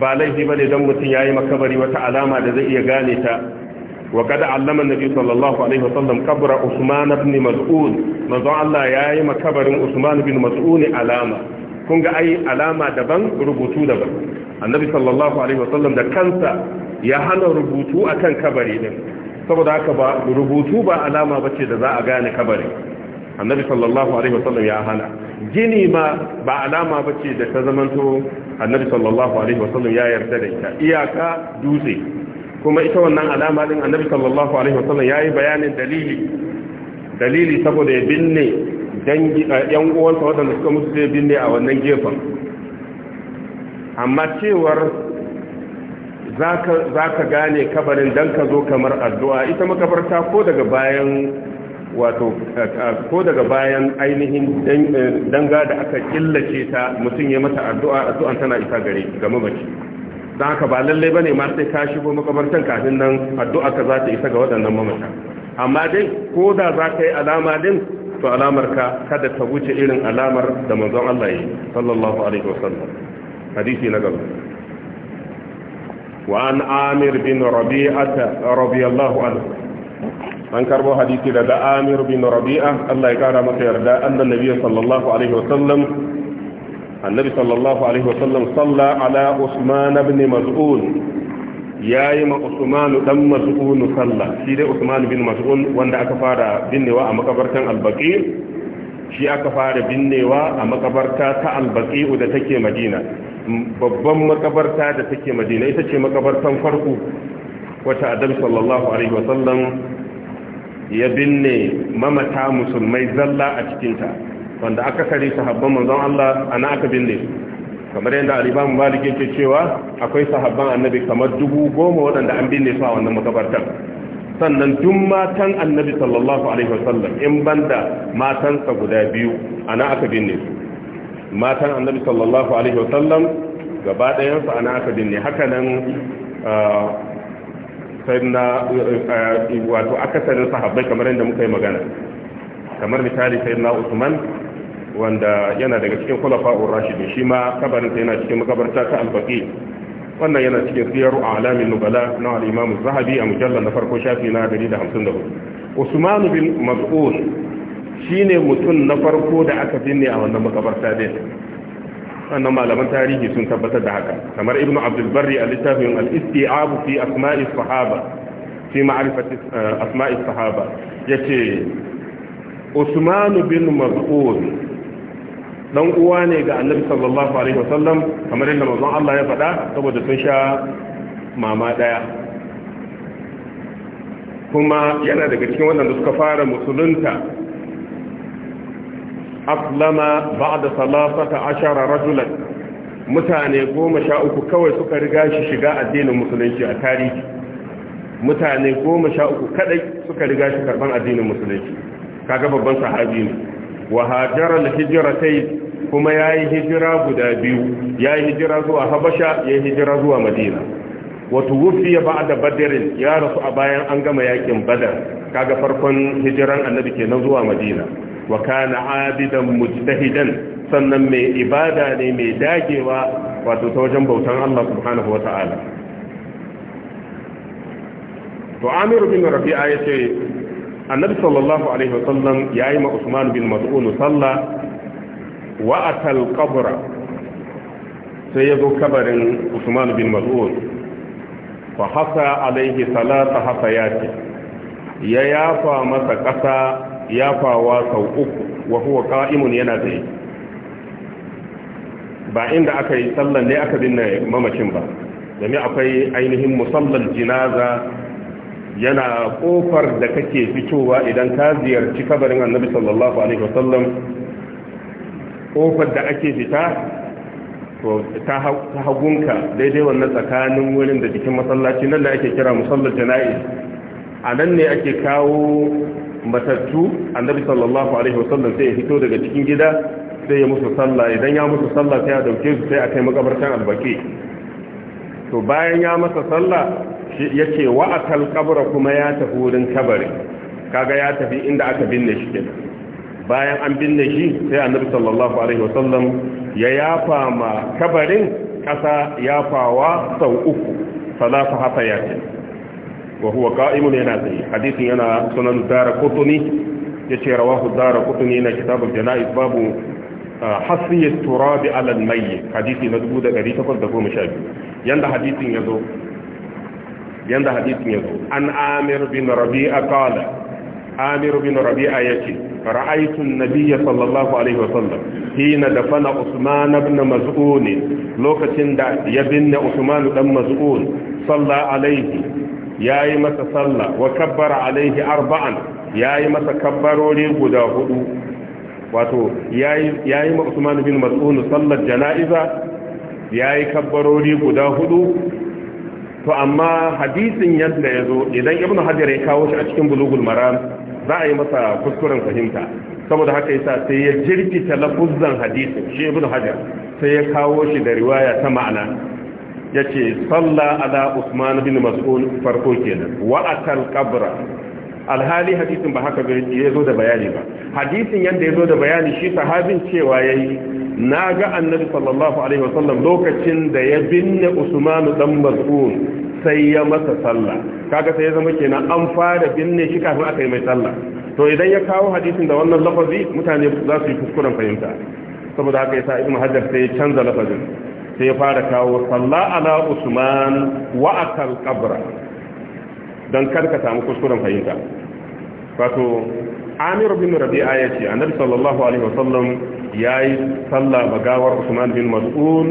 ba laifi ba ne don mutum ya yayi makabari wata alama da zai iya gane ta wa kada allama nabi sallallahu alaihi wa wasallam kabra usman ibn mas'ud manzo Allah ya yayi makabarin usman ibn mas'ud alama kun ga ai alama daban rubutu daban annabi sallallahu alaihi wa sallam da kansa ya hana rubutu akan kabari din saboda haka ba rubutu ba alama bace da za a gane kabari annabi sallallahu alaihi wasallam ya hana gini ma ba alama bace da ta zamanto annabi sallallahu alaihi wasallam ya yarda da ita iyaka dutse kuma ita wannan alama din annabi sallallahu alaihi wasallam yayi bayanin dalili dalili saboda ya binne dangi eh, yan uwansa wadanda suka mutu sai binne a wannan gefen amma cewar zaka zaka gane kabarin dan ka zo kamar addu'a ita makabarta ko daga bayan wato ko daga bayan ainihin eh, danga da aka killace ta mutum ya mata addu'a addu'an tana isa gare ga mamaci don haka ba lallai bane ma sai ka shigo makabartan kafin nan addu'a ka za ta isa ga waɗannan mamata amma dai ko da za ka yi alama din to alamar ka kada ta wuce irin alamar da manzon Allah yi sallallahu alaihi wasallam hadisi na gaba wa bin amir bin رضي radiyallahu anhu an karbo hadisi daga amir bin rabi'a Allah ya kara masa yarda annan nabiyyi sallallahu alaihi wasallam annabi sallallahu alaihi wasallam salla ala usman ibn mas'ud yayi ma usman dan mas'ud salla shi dai usman bin mas'ud wanda aka fara binnewa a makabartan al-baqi shi aka fara binnewa a makabarta ta al-baqi da take madina babban makabarta da take madina ita ce makabartan farko wata adal sallallahu alaihi wa sallam. ya binne mamata musulmai zalla a cikinta wanda aka kare sahabban manzon Allah ana aka binne kamar yadda alibamu malik yake cewa akwai sahabban annabi kamar dubu goma waɗanda an binne su a wannan makabartar sannan duk matan annabi sallallahu alaihi wasallam in banda matansa guda biyu ana aka binne su matan annabi sallallahu alaihi wasallam gaba ɗayan ɗayansu ana aka binne haka nan ah, sayyidina eh, eh, wato akasarin sahabbai kamar yadda muka yi magana kamar misali sayyidina Usman wanda yana daga cikin kulafa rashidin shi ma kabarin sa yana cikin makabarta ta al wannan yana cikin siyaru alamin nubala na al-Imam Zahabi a mujallal na farko shafi na 154 Usman bin Mas'ud shine mutum na farko da aka binne a wannan makabarta din wannan malaman tarihi sun tabbatar da haka kamar ibnu abdul a littafin al-isti'ab fi asma'i sahaba fi ma'rifati eh, asma'i sahaba yace usman bin dan uwa ne ga annabi sallallahu alaihi wasallam kamar yadda manzon Allah ya faɗa saboda sun sha mama daya kuma yana daga cikin waɗanda suka fara musulunta aslama ba'da salasata ashara rajulan mutane goma sha uku kawai suka riga shi shiga addinin musulunci a tarihi mutane goma sha uku kadai suka riga shi karban addinin musulunci kaga babban sahabi ne wa hajara alhijratay kuma yayi hijira guda biyu yayi hijira zuwa habasha yayi hijira zuwa madina wa tuwfiya ba'da badr ya rasu a bayan an gama yakin badar kaga farkon hijiran annabi kenan zuwa madina wa kana abidan mujtahidan sannan mai ibada ne mai dagewa wato ta wajen bautan Allah subhanahu wa ta'ala to amir bin rafi'a ya ce annabi sallallahu alaihi wa sallam ya yi ma usman bin mas'ud Sallah wa atal qabra sai ya zo kabarin usman bin mas'ud fa hasa alaihi salata hasayati ya yafa masa kasa yafawa sau uku wa huwa qa'imun yana tsaye ba inda aka yi sallan ne aka binne mamacin ba domin akwai ainihin musallar jinaza yana kofar da kake fitowa idan ka ziyarci kabarin annabi sallallahu alaihi wasallam kofar da ake fita to ta hagunka daidai wannan tsakanin wurin da jikin masallaci nan da ake kira musallar jana'iz a nan ne ake kawo matattu annabi sallallahu alaihi wasallam sai ya fito daga cikin gida sai ya musu sallah idan ya musu sallah sai ya dauke su sai a kai makabartan albaki to bayan ya masa sallah yace wa akal qabra kuma ya tafi wurin kabari kaga ya tafi inda aka binne shi kenan bayan an binne shi sai annabi sallallahu alaihi wasallam ya yafa ma kabarin kasa yafawa sau uku salatu ce. وهو قائم لنازل حديث أنا سنن دار قطني يتي رواه دار قطني إن كتاب الجنائز باب آه، حصي التراب على المي حديث مدبودة قريتة قد دفو مشاهد يند حديث يزو يند حديث يزو أن آمر بن ربيع قال آمر بن ربيع يتي رأيت النبي صلى الله عليه وسلم حين دفن عثمان بن مزعون لو كتن دا يبن عثمان بن مزعون صلى عليه Ya yi masa sallah wa kabbara alaihi arba'an ya yi masa kabbarori guda hudu wato ya yi ma'usmanu Usman bin Mas'ud sallar jana'iza yi kabbarori guda hudu to amma hadisin yadda ya zo, idan Ibn Hajar ya kawo shi a cikin bulugul Maram za a yi masa kuskuren fahimta saboda haka yasa sai ya jirgi lafuzan hadisin shi Ibn Hajar sai ya kawo shi da riwaya ta ma'ana Ya ce salla ala usman bin mas'ud farko kenan wa qabra alhali hadisin ba haka ya zo da bayani ba hadisin yanda ya zo da bayani shi sahabin cewa ya yi na ga annabi sallallahu alaihi sallam lokacin da ya binne usmanu dan mas'ud sai ya masa sallah kaga sai ya zama kenan an fara binne shi kafin aka yi mai sallah to idan ya kawo hadisin da wannan lafazi mutane za su yi kuskuren fahimta saboda haka yasa ibnu hajar sai ya canza lafazin sai ya fara kawo salla ala usman wa akal qabra dan karka samu kuskuren fahimta wato amir bin rabi'a ya ce annabi sallallahu alaihi wasallam yayi salla magawar usman bin mas'ud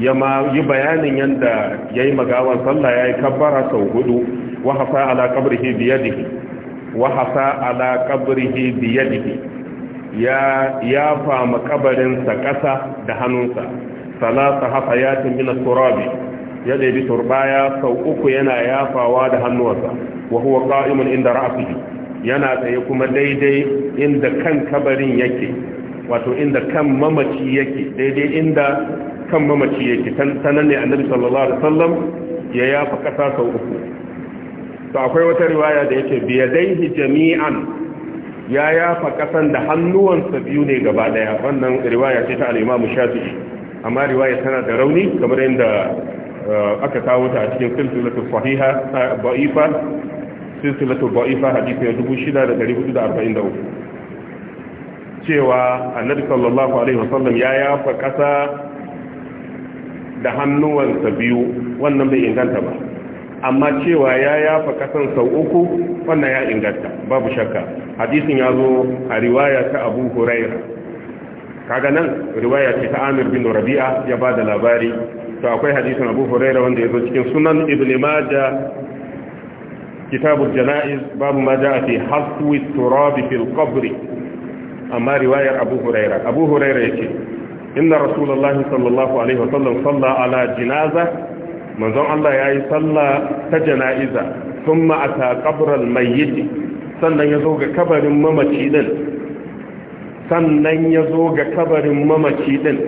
ya ma yi bayanin yanda yayi magawar salla yayi kabbara sau hudu wa hafa ala qabrihi bi yadihi wa hafa ala qabrihi bi yadihi ya ya fama kabarin sa kasa da hannunsa salasa hafayatin min turabi ya ɗebi turbaya sau uku yana yafawa da hannuwarsa wa huwa qa'imun inda ra'sihi yana tsaye kuma daidai inda kan kabarin yake wato inda kan mamaci yake daidai inda ne annabi sallallahu alaihi wasallam ya yafa kasa sau uku to akwai wata riwaya da yake biyadaihi jami'an ya yafa kasan da hannuwansa biyu ne gaba daya wannan riwaya ce ta al-Imam Shafi'i amma riwaya tana da rauni kamar yadda eh, aka kawo ta a cikin silsilatu sahiha ba'ifa silsilatu ba'ifa hadisi na uku cewa annabi sallallahu alaihi wasallam ya yafa kasa da hannuwansa biyu wannan bai inganta ba amma cewa ya yafa kasan sau uku wannan ya inganta babu shakka hadisin ya zo a riwaya ta abu hurairah kaga nan riwaya ce ta Amir bin Rabi'a ya ba da labari to akwai hadisin Abu Hurairah wanda yazo cikin Sunan Ibn Majah kitabul janaiz babu ma jaa fi haswi turabi fil qabr amma riwayar Abu Hurairah Abu Hurairah yace inna rasulullahi sallallahu alaihi wasallam salla ala jinaza, manzon Allah ya yi salla ta janaiza thumma ata qabral mayyit sannan zo ga kabarin mamaci din sannan ya zo ga kabarin mamaci din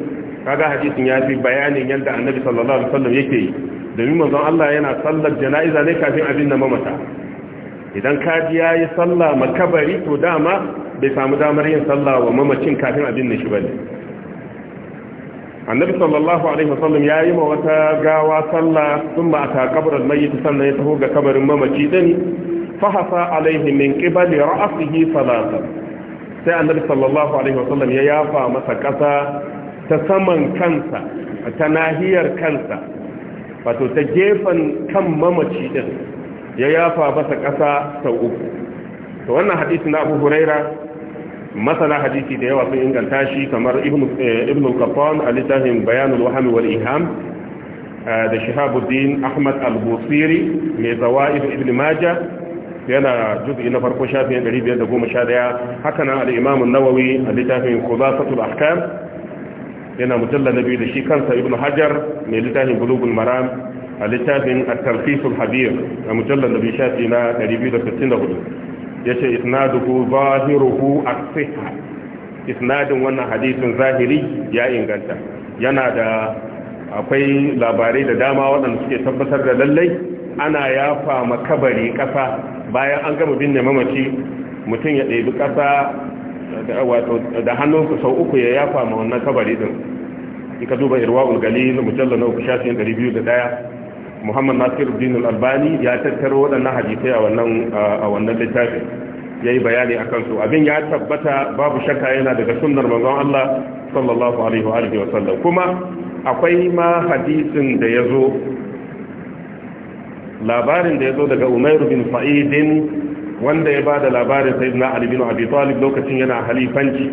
kaga hadisin ya fi bayanin yadda annabi sallallahu alaihi wasallam yake yi domin manzon Allah yana sallar jana'iza ne kafin abin da mamata idan kaji yayi ma kabari, to dama bai samu damar yin sallah wa mamacin kafin abin da shi bane annabi sallallahu alaihi wasallam yayi ma wata gawa sallah thumma ata qabral mayyit sannan ya taho ga kabarin mamaci din fa hasa alaihi min qibali ra'sihi salatan sai annabi sallallahu alaihi wasallam ya yafa masa ƙasa ta saman kansa ta nahiyar kansa wato ta gefen kan mamaci din ya yafa masa ƙasa sau uku to wannan hadisi na Abu Huraira masana hadisi da yawa sun inganta shi kamar Ibn eh, al-Qattan a littafin Bayan al wal Iham eh, da Shihabuddin Ahmad al-Busiri mai Zawaid Ibn Majah yana juz'i na farko shafin 511 haka nan al-imam an-nawawi a littafin khubasatul ahkam yana na biyu da shi kansa ibn hajar mai littafin bulugun maram a littafin at-talqisul habir a na biyu shafi na 264 ce isnaduhu zahiruhu as-sihha isnadin wannan hadisin zahiri ya inganta yana da akwai labarai da dama waɗanda suke tabbatar da lallai ana yafa makabari ƙasa bayan an gama binne mamaci mutum ya ɗebi ƙasa da hannunsa sau uku ya yafa ma wannan kabari din ka duba irwa ulgali na mujalla na uku shafin ɗari biyu da ɗaya muhammad nasir bin albani ya tattaro waɗannan hadisai a wannan littafin ya yi bayani a kansu abin ya tabbata babu shakka yana daga sunnar manzon allah sallallahu alaihi wa sallam kuma akwai ma hadisin da ya zo labarin da ya zo daga umairu bin fa'idin wanda ya ba da labarin sai na albinu abi talib lokacin yana halifanci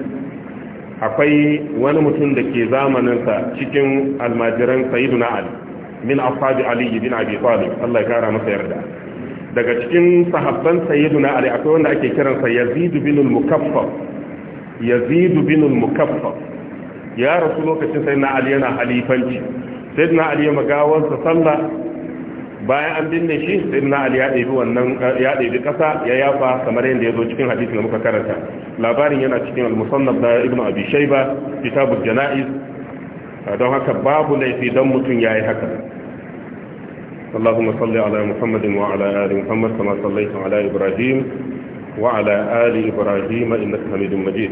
akwai wani mutum da ke zamaninsa cikin almajiran sayidu na ali min afabi ali bin abi talib allah ya kara masa yarda daga cikin sahabban sayidu na ali akwai wanda ake kiransa yazidu bin al-mukaffaf yazidu bin al-mukaffaf ya rasu lokacin sai na ali yana halifanci sai na ali ya magawarsa sallah bayan an binne shi sai na ali ya ɗebi wannan ya ɗebi ƙasa ya yafa kamar yadda ya zo cikin hadisin da muka karanta labarin yana cikin al-musannaf da ibnu abi shayba kitabul janaiz don haka babu laifi dan mutum yayi haka اللهم صل على محمد وعلى آل محمد كما صليت على إبراهيم وعلى آل إبراهيم إنك حميد مجيد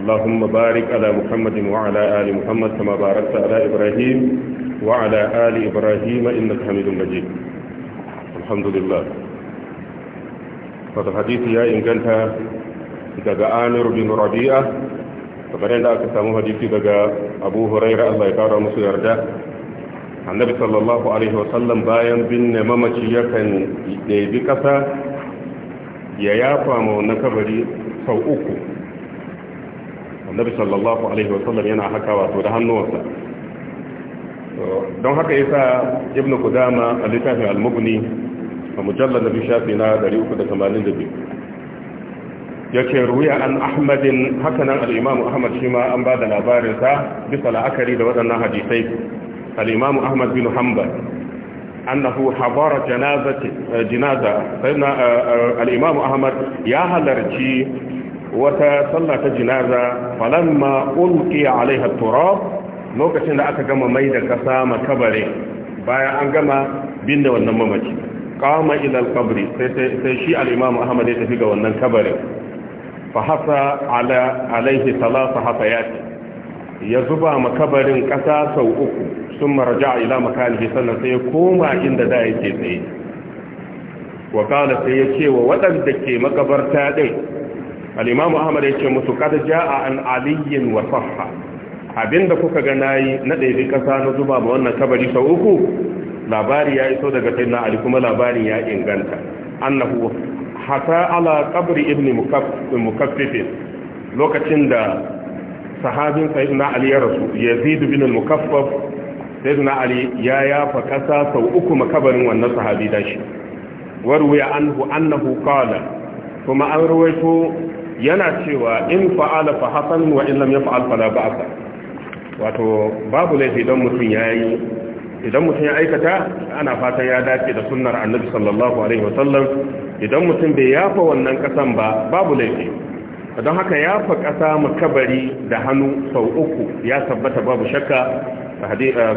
اللهم بارك على محمد وعلى آل محمد كما باركت على إبراهيم وعلى آل إبراهيم إنك حميد مجيد الحمد لله فالحديث يا إن قلت daga amir bin rabi'a kamar yadda aka samu hadisi daga abu huraira allah ya kara yarda annabi sallallahu alaihi wasallam bayan binne mamaci yakan ɗebi ƙasa ya yafa ma wannan kabari sau uku annabi sallallahu alaihi haka wato da hannuwansa don haka ya sa ibn kudama a littafin al-mughni a mujallal nabi shafi na 382 ce ruya an ahmadin hakanan al ahmad shi ma an bada labarin sa bisa la'akari da waɗannan hadisai al ahmad bin hanbal annahu habara janazati janaza sayyidina eh, al-imam ahmad ya halarci wata sallah ta jinaza falamma ulqiya alaiha turab lokacin da aka gama mai da kasa makabare bayan an gama bin da wannan mamaci kama ilal kabri sai shi al'imam ahmad ya tafi ga wannan kabarin Fa fahasa alaihi talata hasayati ya ce. Ya zuba makabarin kasa sau uku sun maraja ila makalihi sannan sai ya koma inda da yake tsaye wakala sai ya ce wa waɗanda ke makabarta ɗai. al'imamu ahmad ya ce musu kada ja'a an aliyin wa sahha abinda kuka ga nayi na ɗaiɗi ƙasa na zuba ma wannan kabari sau uku labari ya iso daga sayyidina ali kuma labarin ya inganta annahu hata ala qabri ibn mukaffif lokacin da sahabin na ali ya rasu yazid ibn al-mukaffaf na ali ya yafa ƙasa sau uku makabarin wannan sahabi da dashi warwaya anhu annahu qala kuma an ruwaito yana cewa in fa'ala fa hasan wa in lam yaf'al fala ba'sa wato babu laifi don mutum ya yi idan mutum ya aikata ana fatan ya dace da sunnar annabi sallallahu alaihi wasallam idan mutum bai yafa wannan kasan ba babu laifi don haka yafa kasa makabari da hannu sau uku ya tabbata babu shakka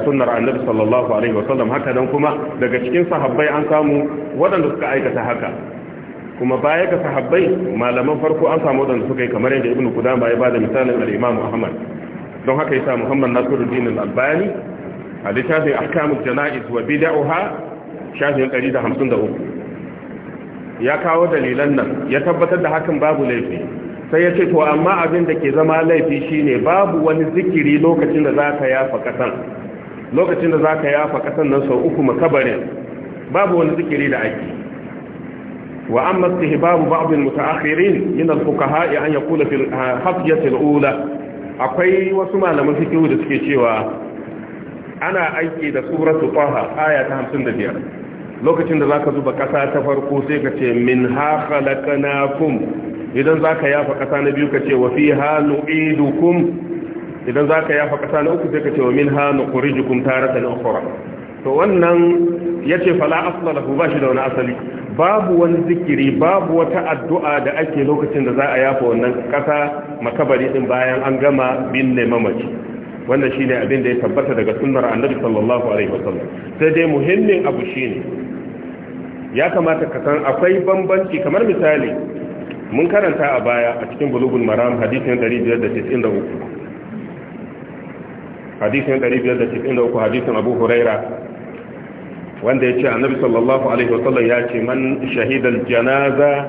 sunnar annabi sallallahu alaihi wasallam haka don kuma daga cikin sahabbai an samu waɗanda suka aikata haka kuma baya ga sahabbai malaman farko an samu waɗanda suka yi kamar yadda ibnu qudama ya bada misalin al-imam ahmad don haka yasa Muhammad Nasiruddin Al-Albani a littafin Ahkamul Jana'iz wa Bid'ah shafin 153 ya kawo dalilan nan ya tabbatar da hakan babu laifi sai ya ce to amma abin da ke zama laifi shine babu wani zikiri lokacin da zaka yafa kasan lokacin da ka yafa kasan nan sau uku makabarin babu wani zikiri da ake وأما استهباب بعض المتأخرين من الفقهاء أن ya kula الحفية الأولى akwai wasu malaman fikihu da suke cewa ana aiki da suratul taha aya ta 55 lokacin da zaka zuba kasa ta farko sai ka ce min ha khalaqnakum idan zaka yafa kasa na biyu ka ce wa fiha nu'idukum idan zaka yafa kasa na uku sai ka ce wa min ha nukhrijukum taratan ukhra to wannan ce fala asla ba shi da wani asali babu wani zikiri babu wata addu'a da ake lokacin da za a yafa wannan kasa makabari in bayan an gama binne mamaci wannan shine abin da ya tabbata daga sunnar annabi sallallahu alaihi wasallam sai dai muhimmin abu shine ya kamata ka san akwai bambanci kamar misali mun karanta a baya a cikin bulugun maram hadisin 593 hadisin 593 hadisin abu huraira wanda ya ce a annabi sallallahu alaihi wasallam ya ce man shahidal janaza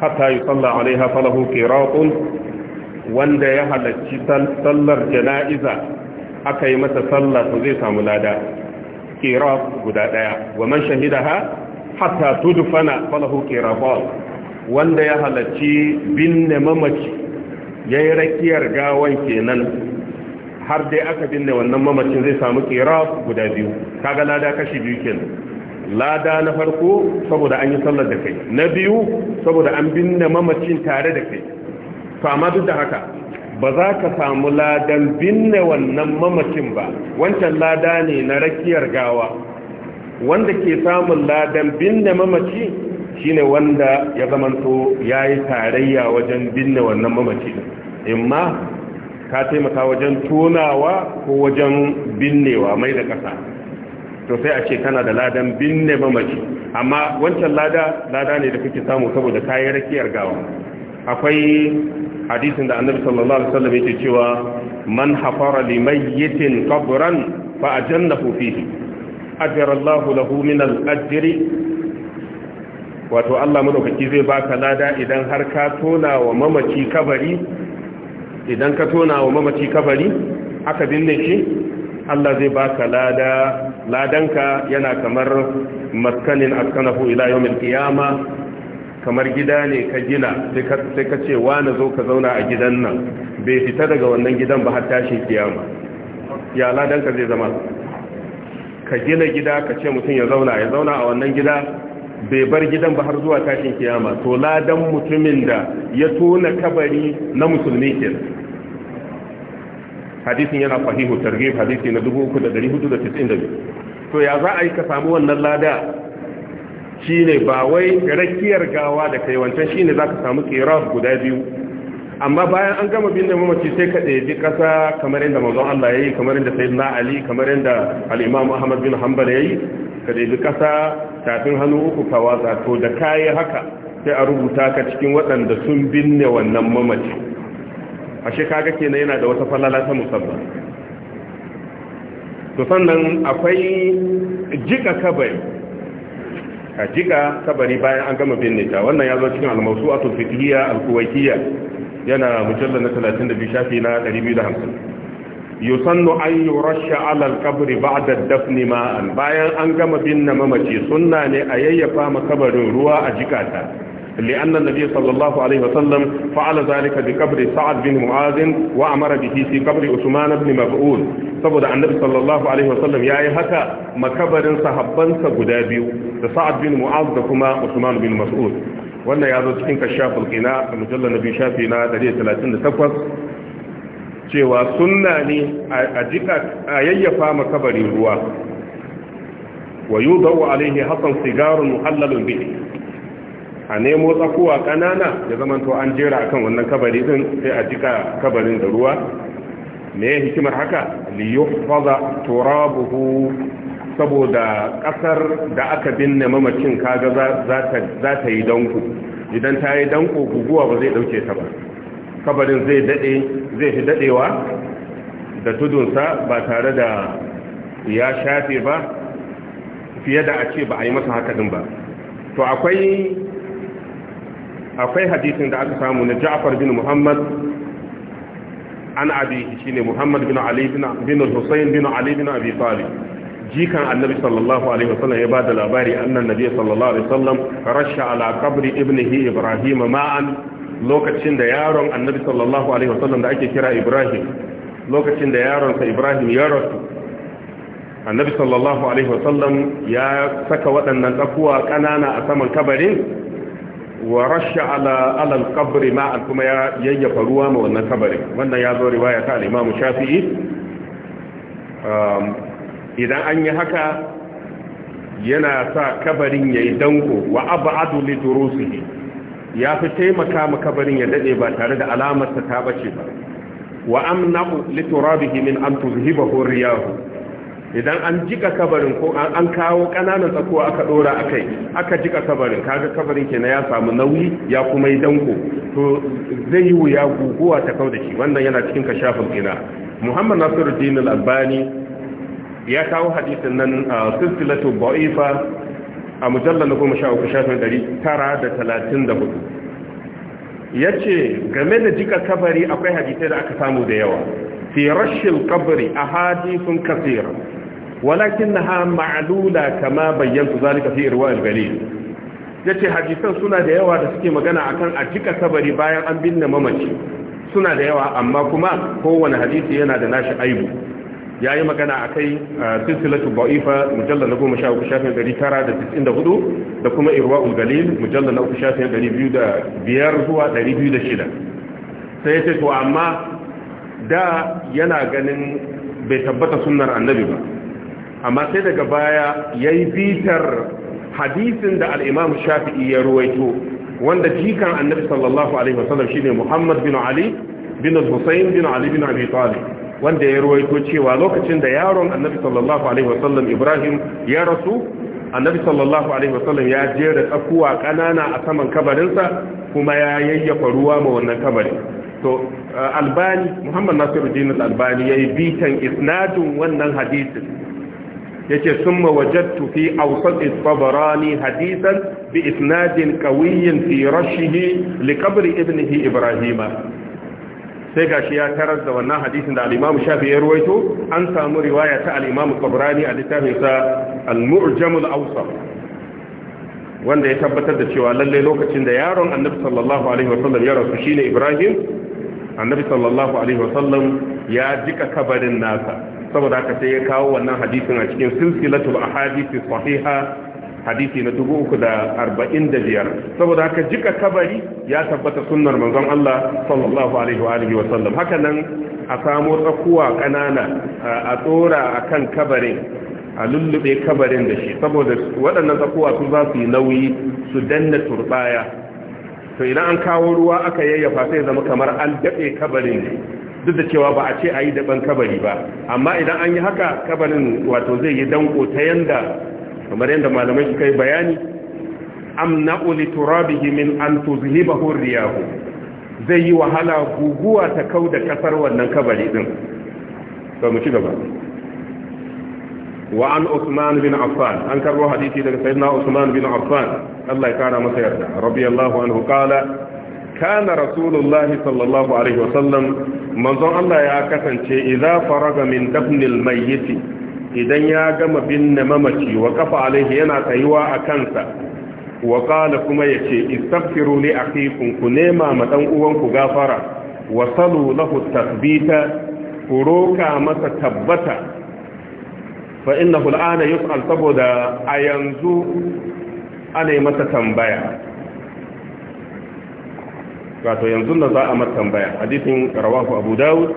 hatta yusalla alaiha falahu qiratun wanda ya halarci sallar jana'iza aka yi masa sallah su zai samu lada qirat guda daya wa man shahida ha? shahidaha hatta tudfana falahu qiratun wanda ya halarci binne mamaci yi rakiyar gawan kenan har dai aka binne wannan mamacin zai samu kira guda biyu kaga lada kashi biyu kenan lada na farko saboda an yi sallar da kai na biyu saboda an binne mamacin tare da kai to amma duk da haka ba za ka samu ladan binne wannan mamacin ba wancan lada ne na rakiyar gawa wanda ke samun ladan binne mamaci shine wanda ya zamanto yi tarayya wajen binne wannan mamaci imma ka taimaka wajen tonawa ko wajen binnewa mai da ƙasa to sai a ce kana da ladan binne mamaci amma wancan lada lada ne da kake samu saboda kayan rakiyar gawa akwai hadisin da annabi sallallahu alaihi wasallam yake cewa man hafara li mayyitin qabran fa ajannahu fihi ajra Allahu lahu min al-ajri wato Allah madaukaki zai baka lada idan har ka tona wa mamaci kabari idan ka tona wa mamaci kabari aka binne shi Allah zai baka lada ladanka yana kamar maskanin askanahu ila yawmil qiyama kamar gida ne ka gina sai ka ce wani zo ka zauna a gidan nan bai fita daga wannan gidan ba har tashin kiyama ya ladanka zai zama ka gina gida ka ce mutum ya zauna ya zauna a wannan gida bai bar gidan ba har zuwa tashin kiyama to ladan mutumin da ya tona kabari na musulmi ke hadisin yana fahihu targhib hadisi na 3492 to ya za a yi ka samu wannan lada shine ba wai rakiyar gawa da kai wancan shine zaka samu qirab guda biyu amma bayan an gama binne mamaci sai ka ɗebi ƙasa kamar yadda mazan Allah ya yi kamar yadda sai na Ali kamar yadda al'imam Ahmad bin Hanbal ya yi ka ɗebi ƙasa tafin hannu uku ka watsa to da kayi haka sai a rubuta ka cikin waɗanda sun binne wannan mamaci ashe kaga kenan yana da wata falala ta musamman to sannan akwai jika kabari a jika kabari bayan an gama binne ta wannan ya zo cikin almasu a tulfikiyya alkuwaikiya yana mujallar na 32 shafi na 250 yusannu an yurasha ala alqabri ba'da dafni ma'an bayan an gama binne mamaci sunna ne a yayyafa makabarin ruwa a jikata لأن النبي صلى الله عليه وسلم فعل ذلك بقبر سعد بن معاذ وأمر به في قبر عثمان بن مفعول سبب النبي صلى الله عليه وسلم يا هكا مكبر صحبان سجدا بيو سعد بن معاذ كما عثمان بن مسعود wannan ya zo cikin kashafin kina a mujallar na biyu shafi na 138 cewa sunna ne a jika a yayyafa makabarin ruwa wa yi zau alaihi hasan sigarun muhallalun bihi a nemo tsakuwa ƙanana ya zamanto an jera akan wannan kabari din sai a jika kabarin da ruwa me hikimar haka liyuhfaza turabuhu saboda ƙasar da aka binne mamacin kaga za ta yi danko idan ta yi danko guguwa ba zai ɗauke ta ba kabarin zai daɗe zai fi daɗewa da tudunsa ba tare da ya shafe ba fiye da a ce ba a yi masa haka ba to akwai akwai hadisin da aka samu na ja'far bin muhammad an abi shine muhammad bin ali bin al-husayn bin ali abi talib jikan annabi sallallahu alaihi wasallam ya ba da labari annan nabi sallallahu alaihi wasallam rasha ala kabri ibnihi ibrahim ma'an lokacin da yaron annabi sallallahu alaihi wasallam da ake kira ibrahim lokacin da yaron sa ibrahim ya rasu annabi sallallahu alaihi wasallam ya saka waɗannan tsakuwa kanana a saman kabarin wa rasha ala ala alqabri ma'an kuma ya yayyafa ruwa ma wannan kabarin wannan ya zo riwaya ta al-imam shafi'i um, idan an yi haka yana sa kabarin ya yi danko wa abu su ne ya fi taimaka ma kabarin ya daɗe ba tare da alamarsa ta bace ba wa amna'u liturabihi himin an ko riyahu idan an jika kabarin ko an kawo ƙananan tsakowa aka ɗora a kai aka jika kabarin kaga kabarin na ya samu nauyi ya kuma yi danko to zai yi wuya guguwa ta da shi wannan yana cikin kashafin ina muhammad Nasiru al-albani ya kawo hadisin nan a silsilatu ba'ifa a mujallar na goma sha shafin dari tara da talatin da hudu ya ce game da jika kabari akwai hadisai da aka samu da yawa fi rashin kabari a hadisun kafira walakin na ha ma'alula kama bayyanta zalika fi irwa al ya ce hadisan suna da yawa da suke magana akan a jika kabari bayan an binne mamaci suna da yawa amma kuma kowane hadisi yana da nashi aibu ya yi magana a kai silsilatu ba'ifa mujallar na goma sha uku shafin ɗari tara da tisin da hudu da kuma irwa ulgalil mujallar na uku shafin ɗari biyu da biyar zuwa ɗari biyu da shida sai ya ce to amma da yana ganin bai tabbata sunnar annabi ba amma sai daga baya ya yi bitar hadisin da al'imamu shafi'i ya ruwaito wanda jikan annabi sallallahu alaihi wasallam shine muhammad bin ali bin husayn bin ali bin abi talib wanda ya ruwaito cewa lokacin da yaron annabi sallallahu alaihi wasallam ibrahim ya rasu annabi sallallahu alaihi wasallam ya jera tsakuwa kanana a saman kabarinsa kuma ya yayyafa ruwa ma wannan kabari to uh, albani muhammad Nasiru al-albani yayi bitan isnadun wannan hadisin yace summa wajadtu fi awsat at-tabarani hadisan bi isnadin qawiyyin fi rashihi li qabri ibnihi ibrahima sai gashi ya tarar da wannan hadisin da al'imamu imam Shafi ya ruwaito an samu riwaya ta al'imamu imam a littafin sa al-Mu'jam wanda ya tabbatar da cewa lallai lokacin da yaron Annabi sallallahu alaihi wasallam ya rasu shine Ibrahim Annabi sallallahu alaihi wasallam ya jika kabarin nasa saboda haka sai ya kawo wannan hadisin a cikin silsilatul ahadith sahiha hadisi na dubu uku da arba'in da biyar saboda haka jika kabari ya tabbata sunnar manzon Allah sallallahu alaihi wa alihi wa sallam haka nan a samo tsakuwa kanana a tsora akan kabarin a lullube kabarin da shi saboda waɗannan tsakuwa su za su yi nauyi su danna turbaya to idan an kawo ruwa aka yayyafa sai zama kamar an daɗe kabarin duk da cewa ba a ce a yi daban kabari ba amma idan an yi haka kabarin wato zai yi danko ta yanda kamar yadda malamai suka yi bayani amna'u li turabihi min an tuzhibahu riyahu zai yi wahala guguwa ta kau da kasar wannan kabari din to mu ci gaba wa an Usman bin Affan an karbo hadisi daga sayyidina Usman bin Affan Allah ya kara masa yarda radiyallahu anhu qala kana rasulullahi sallallahu alaihi wasallam manzon Allah ya kasance idza faraga min dafnil mayyiti idan ya gama binne mamaci wa kafa alaihi yana tsayuwa a kansa wa kala kuma yace istaghfiru li akhikum ku nema ma dan uwanku gafara wa salu lahu tathbita ku roka masa tabbata fa innahu al'ana yus'al saboda a yanzu ana yi masa tambaya wato yanzu da za a masa tambaya hadisin rawahu abu dawud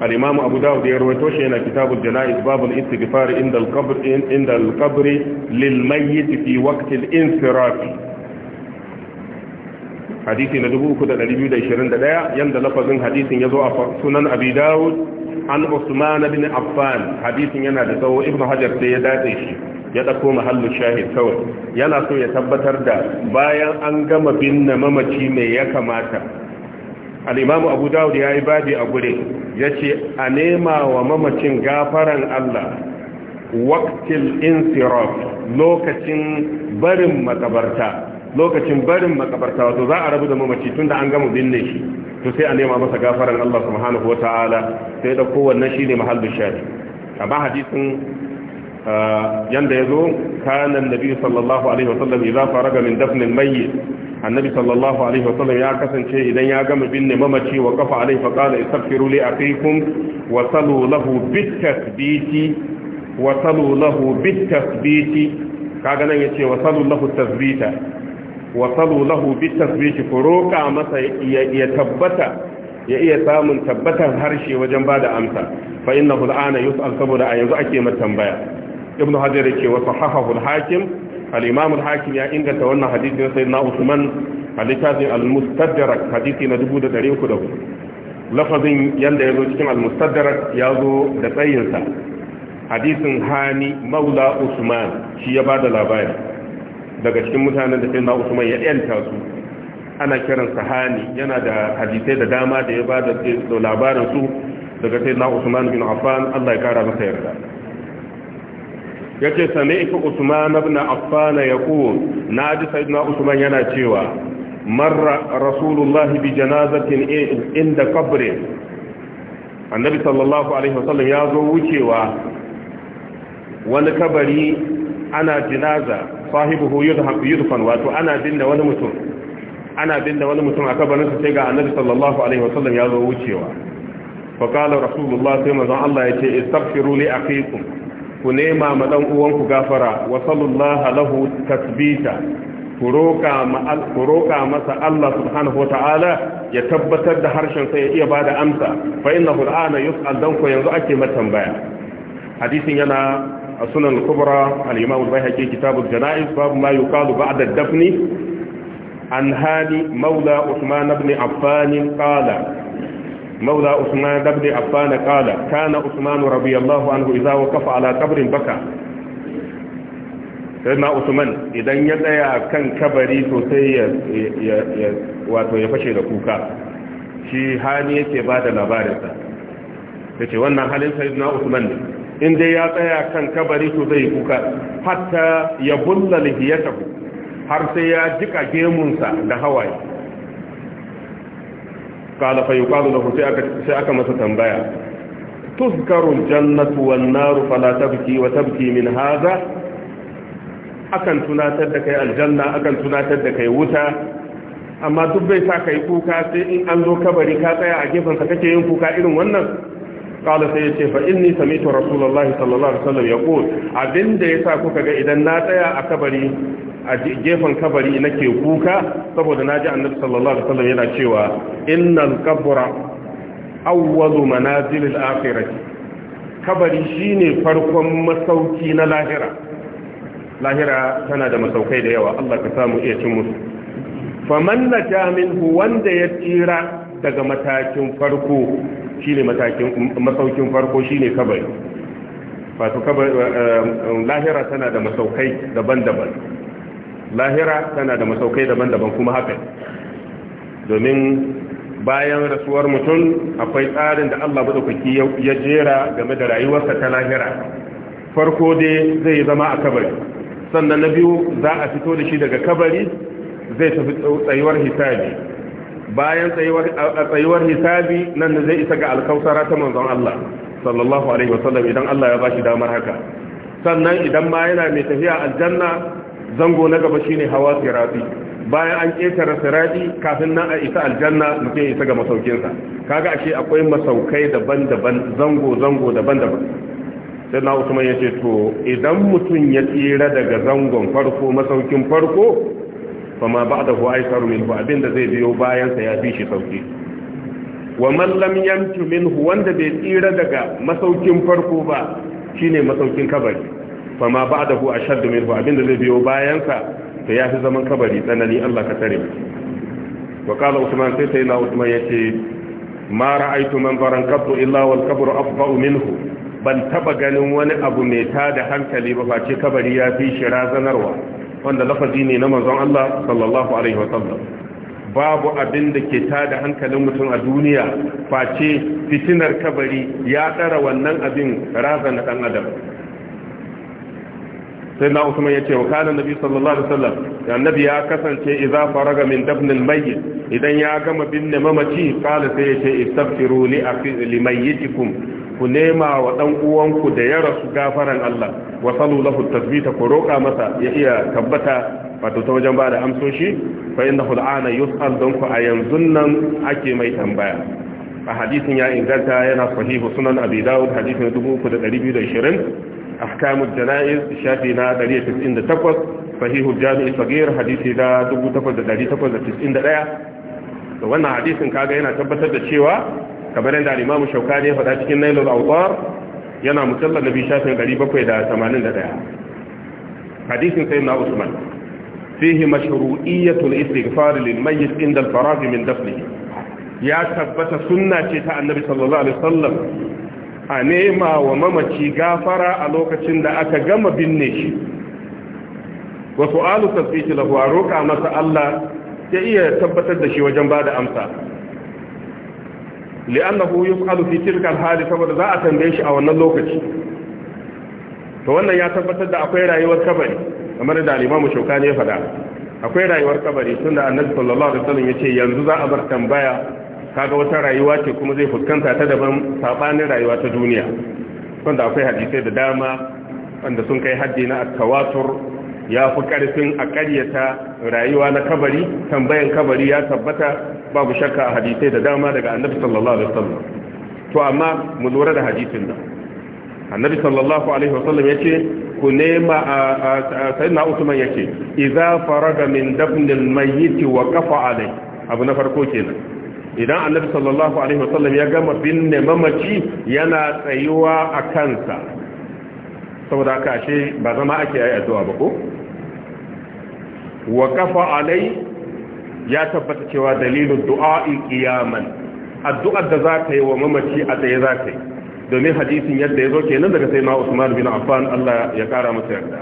al abu dawud ya rawaito shi yana kitabu janaiz babul istighfar inda al-qabr inda al-qabr lil mayyit fi waqt al-insiraf hadisi na 3221 yanda lafazin hadisin yazo a sunan abi dawud an usman ibn affan hadisin yana da tsawo ibnu hajar sai ya dace shi ya ɗako muhallin shahid kawai yana so ya tabbatar da bayan an gama binne mamaci mai ya kamata al'imamu abu ya yi babi a guri. ya ce a nema wa mamacin gafaran Allah waktil insirof lokacin barin makabarta lokacin barin makabarta wato za a rabu da mamaci tunda an gama binne shi to sai a nema masa gafaran Allah subhanahu wataala sai da kowanne shine mahallin shari amma hadisin ah, yanda zo kana annabi sallallahu alaihi wasallam fara faraga min dafn mayyit annabi sallallahu alaihi wasallam ya kasance idan ya gama binne mamaci wa kafa alaihi fa qala istaghfiru li akhikum wa salu lahu bit wa salu lahu bit kaga nan yace wa salu lahu wa salu lahu bit roka masa ya tabbata ya iya samun tabbatar harshe wajen bada amsa fa innahu al'ana yus'al saboda a yanzu ake mata tambaya ibnu hajar yake wa sahahahu al-hakim al hakim ya inganta wannan hadisi na sayyidina usman a littafin al-mustadrak hadisi na 1304 lafazin yanda yazo cikin al-mustadrak yazo da tsayin sa hadisin hani maula usman shi ya bada labari daga cikin mutanen da sayyidina usman ya yanta su ana kiransa hani yana da hadisai da dama da ya bada labarin su daga sayyidina usman bin affan Allah ya kara masa yarda Ya ce yace sami'tu usman ya affan na ji sayyidina usman yana cewa marra rasulullahi bi janazatin inda kabirin. annabi sallallahu alaihi wasallam ya zo wucewa wani kabari ana jinaza sahibihu Yudufan, wato ana binne wani mutum ana binne wani mutum a kabarinsa sai ga annabi sallallahu alaihi wasallam ya zo wucewa fa qala rasulullah sai manzon Allah ya yace istaghfiru li aqikum ku nema ma dan uwanku gafara wa sallallahu lahu tasbita ku roƙa masa Allah subhanahu wata'ala ya tabbatar da harshen sa ya iya bada amsa fa innahu al'ana yus'al dan yanzu ake ma tambaya. hadisin yana a sunan kubra al-imam al-bayhaqi kitab janaiz babu ma yuqalu ba'da dafni an maula usman ibn affan qala مولى عثمان بن عفان قال كان عثمان رضي الله عنه إذا وقف على قبر بكى سيدنا عثمان idan ya tsaya kan kabari sosai ya wato ya fashe da kuka shi hali yake bada da labarinsa da ce wannan halin sayyidina usman ne in dai ya tsaya kan kabari to zai kuka hatta ya bulla lihiyatahu har sai ya jika gemunsa da hawaye qala fa yuqalu lahu sai aka sai aka masa tambaya tuzkaru aljannatu wan naru fala tabki wa tabki min akan tunatar da kai aljanna akan tunatar da kai wuta amma duk bai sa kai kuka sai in an zo kabari ka tsaya a gefen kake yin kuka irin wannan qala sai ce fa inni sami'tu rasulullahi sallallahu alaihi wasallam yaqul abinda yasa kuka ga idan na tsaya a kabari a gefen kabari nake kuka saboda naji annabi sallallahu alaihi wasallam yana cewa innal qabra awwalu manazilil akhirati kabari shine farkon masauki na lahira lahira tana da masaukai da yawa Allah ka samu iya cin musu faman naja minhu wanda ya tsira daga matakin farko Shi ne matakin masaukin farko shi ne kabari wato eh, eh, lahira tana da masaukai daban-daban lahira tana da masaukai daban-daban kuma haka domin bayan rasuwar mutum akwai tsarin da Allah madaukaki ya jera game da rayuwarsa ta lahira farko dai zai zama a kabari sannan na biyu za a fito da shi daga kabari zai tafi tsayuwar hisabi bayan tsayuwar hisabi nan da zai isa ga alkausara ta manzon Allah sallallahu alaihi wasallam idan Allah ya ba shi damar haka sannan idan ma yana mai tafiya aljanna zango na gaba shine hawa sirati bayan an ƙetare sirati kafin nan a isa aljanna mutum ya isa ga masaukinsa kaga ashe akwai masaukai daban-daban zango zango daban-daban sai na usman ya ce to idan mutum ya tsira daga zangon farko masaukin farko fama min hu. Abin da zai biyo bayansa ya fi shi sauki wa man lam yamtu hu wanda bai tsira daga masaukin farko ba shine masaukin kabari fama ba'dahu ashaddu Abin da zai biyo bayansa to ya fi zaman kabari tsanani Allah ka tare wa qala usman sai sai na usman yace ma ra'aytu manzaran qabru illa wal qabru afdau minhu ban taba ganin wani abu mai tada hankali ba Ba face kabari ya fi shi razanarwa wanda lafazi ne na manzon Allah sallallahu alaihi wasallam babu abin da ke tada hankalin mutum a duniya face fitinar kabari ya tsara wannan abin razana dan adam sai na usman ya ce wa kanan nabi sallallahu alaihi wasallam annabi ya kasance idza faraga min dafnil mayyit idan ya gama binne mamaci kala sai ya ce istaghfiru li akhi li mayyitikum ku nema wa dan uwanku da ya rasu gafaran Allah wa sallu lahu tasbita ku roka masa ya iya tabbata wato ta wajen ba da amsoshi fa innahu al'ana yus'al don ku a yanzu nan ake mai tambaya a hadisin ya inganta yana sahihu sunan abi dawud hadisin 3220 ahkamul janaiz shafi na 198 sahihul jami'i sagir hadisi da 8891 to wannan hadisin kaga yana tabbatar da cewa kamar yadda al-Imam Shawkani ya faɗa cikin Nailul Awtar yana mujallal nabi shafin 781 hadisin sayyidina Usman fihi mashru'iyyatul istighfar lil mayyit inda al-faragh min dafnihi ya tabbata sunna ce ta annabi sallallahu alaihi a nema wa mamaci gafara a lokacin da aka gama binne shi wasu su'alu tasbiki lahu a roƙa masa Allah ya iya tabbatar da shi wajen bada amsa li'annahu yus'alu fi tilka al-hali saboda za a tambaye shi a wannan lokaci to wannan ya tabbatar da akwai rayuwar kabari kamar da al-Imam Shawkani ya faɗa akwai rayuwar kabari tunda Annabi sallallahu alaihi wasallam yace yanzu za a bar tambaya kaga wata rayuwa ce kuma zai fuskanta ta daban sabanin rayuwa ta duniya wanda akwai hadisai da dama wanda sun kai haddi na tawatur ya fi karfin a karyata rayuwa na kabari tambayan kabari ya tabbata babu shakka a hadisai da dama daga annabi sallallahu alaihi wasallam to amma mu lura da hadisin nan annabi sallallahu alaihi wasallam yace ku nema sayyidina usman yace idza faraga min dafnil mayyit wa qafa alai abu na farko kenan idan annabi sallallahu alaihi wasallam ya gama binne mamaci yana tsayuwa a kansa saboda aka ashe ba zama ake yi addu'a ba ko wa kafa alai ya tabbata cewa dalilin du'a'i qiyaman addu'ar da za ka yi wa mamaci a tsaye za ka yi domin hadisin yadda ya zo kena daga sai na Usman bin Affan Allah ya kara masa yarda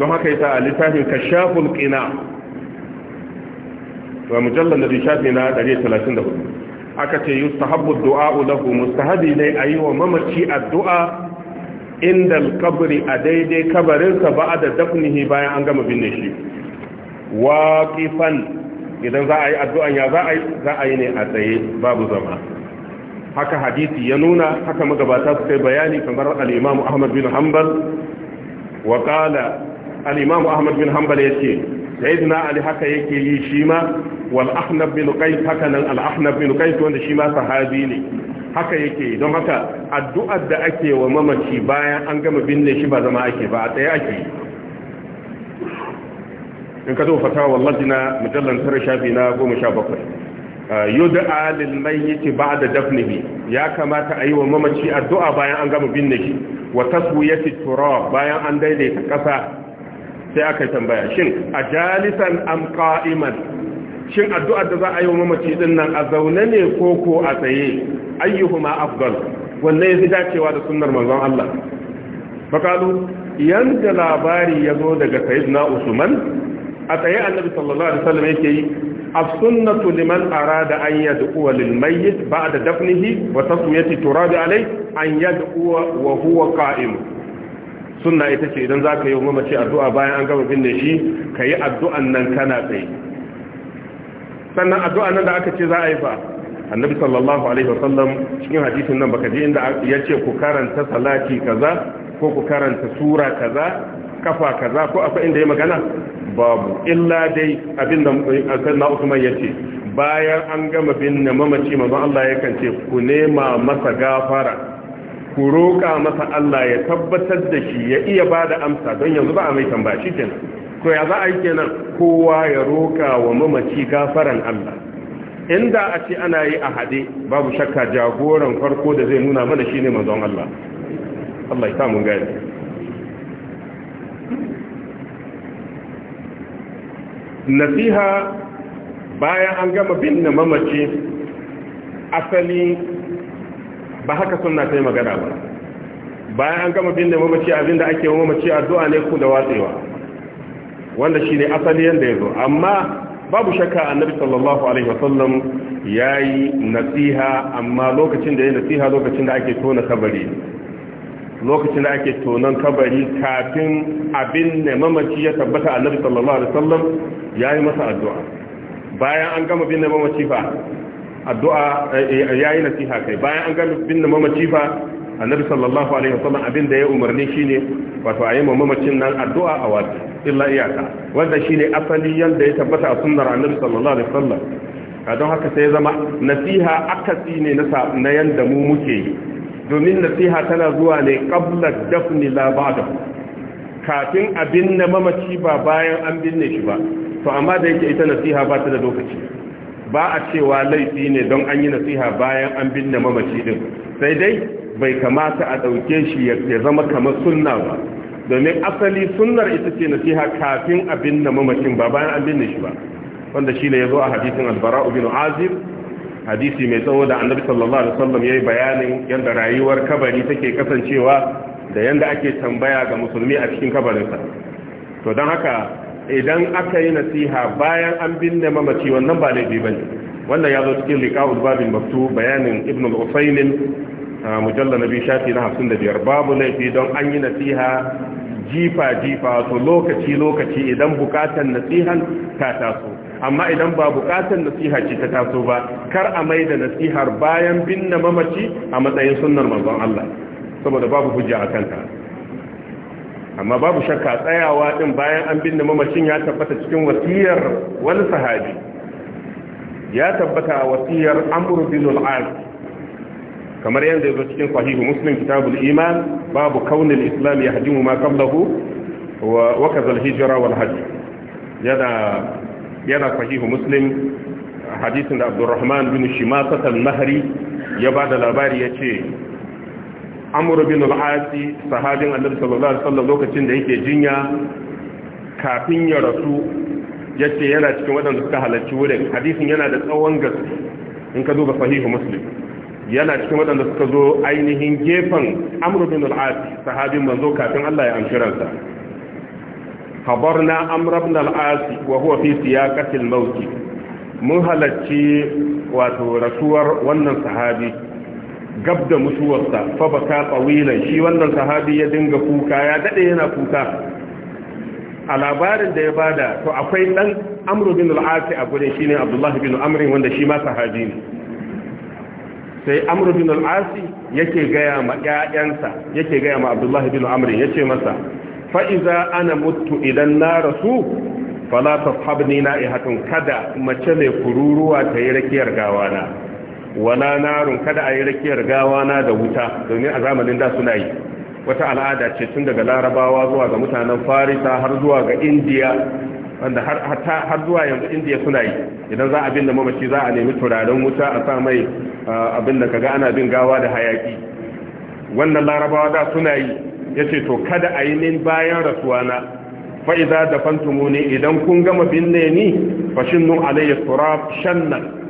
don haka yasa a littafin kashaful qina wa mujallal nabi shafi na 134 aka ce yustahabbu du'a lahu mustahabi ne ayi wa mamaci addu'a inda alkabri a daidai kabarinsa ba da dafnihi bayan an gama binne shi waƙifan idan za a yi addu'an ya za a yi a ne a tsaye babu zama haka hadisi ya nuna haka magabata su kai bayani kamar al Ahmad bin Hanbal wa qala Ahmad bin Hanbal yace sayyidina ali haka yake yi shi ma wal ahnab bin qais haka nan al ahnab sahabi ne haka yake don haka addu'ar da ake wa mamaci bayan an gama binne shi ba zama ake ba a tsaye ake in ka zo fatawa wallahi na mujallan tara shafi na 17 ah, yud'a lil mayyit ba'da dafnihi ya kamata a yi wa mamaci addu'a bayan an gama binne shi wa bayan an daidaita kasa sai aka tambaya shin a jalisan am shin addu'ar da za a yi wa mamaci din nan a zaune ne ko ko a tsaye ayyuhuma afdal wanne yafi dacewa da sunnar manzon Allah fakalu yanda labari ya zo daga sayyidina usman a tsaye annabi sallallahu alaihi wasallam yake yi as-sunnatu liman arada an yad'u lil mayyit ba'da dafnihi wa tasmiyati turad alayhi an yad'u wa huwa qa'im sunna ita ce idan za ka yi wa mamaci addu'a bayan an gama binne shi ka yi addu'an nan kana tsaye sannan addu'an nan da aka ce za a yi ba annabi sallallahu alaihi wasallam cikin hadisin nan baka je inda ya ce ku karanta salati kaza ko ku karanta sura kaza kafa kaza ko akwai inda ya magana babu illa dai abin da eh, sannan usman ya ce bayan an gama binne mamaci manzon Allah yakan ce ku nema masa gafara ku roƙa masa Allah ya tabbatar da shi ya iya ba da amsa don yanzu ba a mai tambaya shi kenan to ya za a yi kenan kowa ya roƙa wa mamaci gafaran Allah inda a ce ana yi a haɗe babu shakka jagoran farko da zai nuna mana shi ne manzon Allah Allah ya mun gani nasiha bayan an gama binne mamaci asali ba haka sunna ta yi magana ba bayan an gama binne mamaci abinda ake mamaci addu'a ne ku da watsewa wanda shi ne asali yadda ya zo amma babu shakka annabi sallallahu alaihi wasallam ya yi nasiha amma lokacin da ya nasiha lokacin da ake tona kabari lokacin da ake tonon kabari kafin abin ne mamaci ya tabbata annabi sallallahu alaihi wasallam ya yi masa addu'a bayan an gama binne mamaci fa addu'a eh, eh, yayi nasiha kai bayan an gano binne mamaci fa annabi sallallahu alaihi wasallam abin da ya umarni shine wato a yi mamacin nan addu'a a wata illa iyaka wanda shine asali yanda ya tabbata a sunnar annabi sallallahu alaihi wasallam don haka sai ya zama nasiha akasi ne na yanda mu muke yi domin nasiha tana zuwa ne qabla dafni la ba'da kafin abin na mamaci ba bayan an binne shi ba to amma da yake ita nasiha ba ta da lokaci ba a cewa laifi ne don an yi nasiha bayan an binne mamaci din sai dai bai kamata a ɗauke shi ya zama kamar sunna ba domin asali sunnar ita ce nasiha kafin a binne mamacin ba bayan an binne shi ba wanda shi ne ya zo a hadisin albara Ubin azir hadisi mai tsawo da annabi sallallahu alaihi wasallam yayi bayanin yanda rayuwar kabari take kasancewa da yanda ake tambaya ga musulmi a cikin kabarinsa to don haka idan aka yi nasiha bayan an binne mamaci wannan ba laifi bane wannan ya zo cikin liqa'ul babin maktu bayanin ibn al mujallar mujallal nabi shafi na 55 babu laifi don an yi nasiha jifa jifa to lokaci lokaci idan bukatan nasihan ta taso amma idan ba bukatan nasiha ce ta taso ba kar a mai da nasihar bayan binne mamaci a matsayin sunnar manzon Allah saboda babu hujja akan ta amma babu shakka tsayawa din bayan an binne mamacin ya tabbata cikin wasiyar wani sahabi ya tabbata a wasiyar amru bin al-as kamar yadda yazo cikin sahihu muslim kitabul iman babu kaunil islam yahdimu ma qablahu wa wakaza al-hijra wal hajj yana yana sahihu muslim hadisin da abdurrahman bin shimasa al-mahri ya bada labari yace amru bin al-asi sahabin annabi sallallahu alaihi wasallam lokacin da yake jinya kafin ya rasu yace yana cikin waɗanda suka halarci wurin hadisin yana da tsawon gaske in ka zo ga sahihu muslim yana cikin waɗanda suka zo ainihin gefen amru bin al-asi sahabin manzo kafin Allah ya amshi ransa habarna amru bin al-asi wa huwa fi siyaqatil mawt mun halarci wato rasuwar wannan sahabi gab da mutuwarsa fa baka tsawilan shi wannan sahabi ya dinga kuka ya dade yana kuka a labarin da ya bada to akwai dan amru bin al-asi a gurin shine abdullahi bin amr wanda shi ma sahabi ne sai amru bin al-asi yake gaya ma ƴaƴansa yake gaya ma abdullahi bin amr yace masa fa iza ana muttu idan na rasu fala tafhabni na'ihatan kada mace mai kururuwa ta yi rakiyar gawana wala narun kada a yi rakiyar gawa na da wuta domin a zamanin da suna yi wata al'ada ce tun daga larabawa zuwa ga mutanen farisa har zuwa ga indiya wanda har zuwa yanzu indiya suna yi idan za a binne mamaci za a nemi turaren wuta a sa mai abin da kaga ana bin gawa da hayaki wannan larabawa da suna yi ya ce to kada a yi min bayan rasuwana fa'iza da fantumuni idan kun gama binne ni fashin nun alayya turab shannan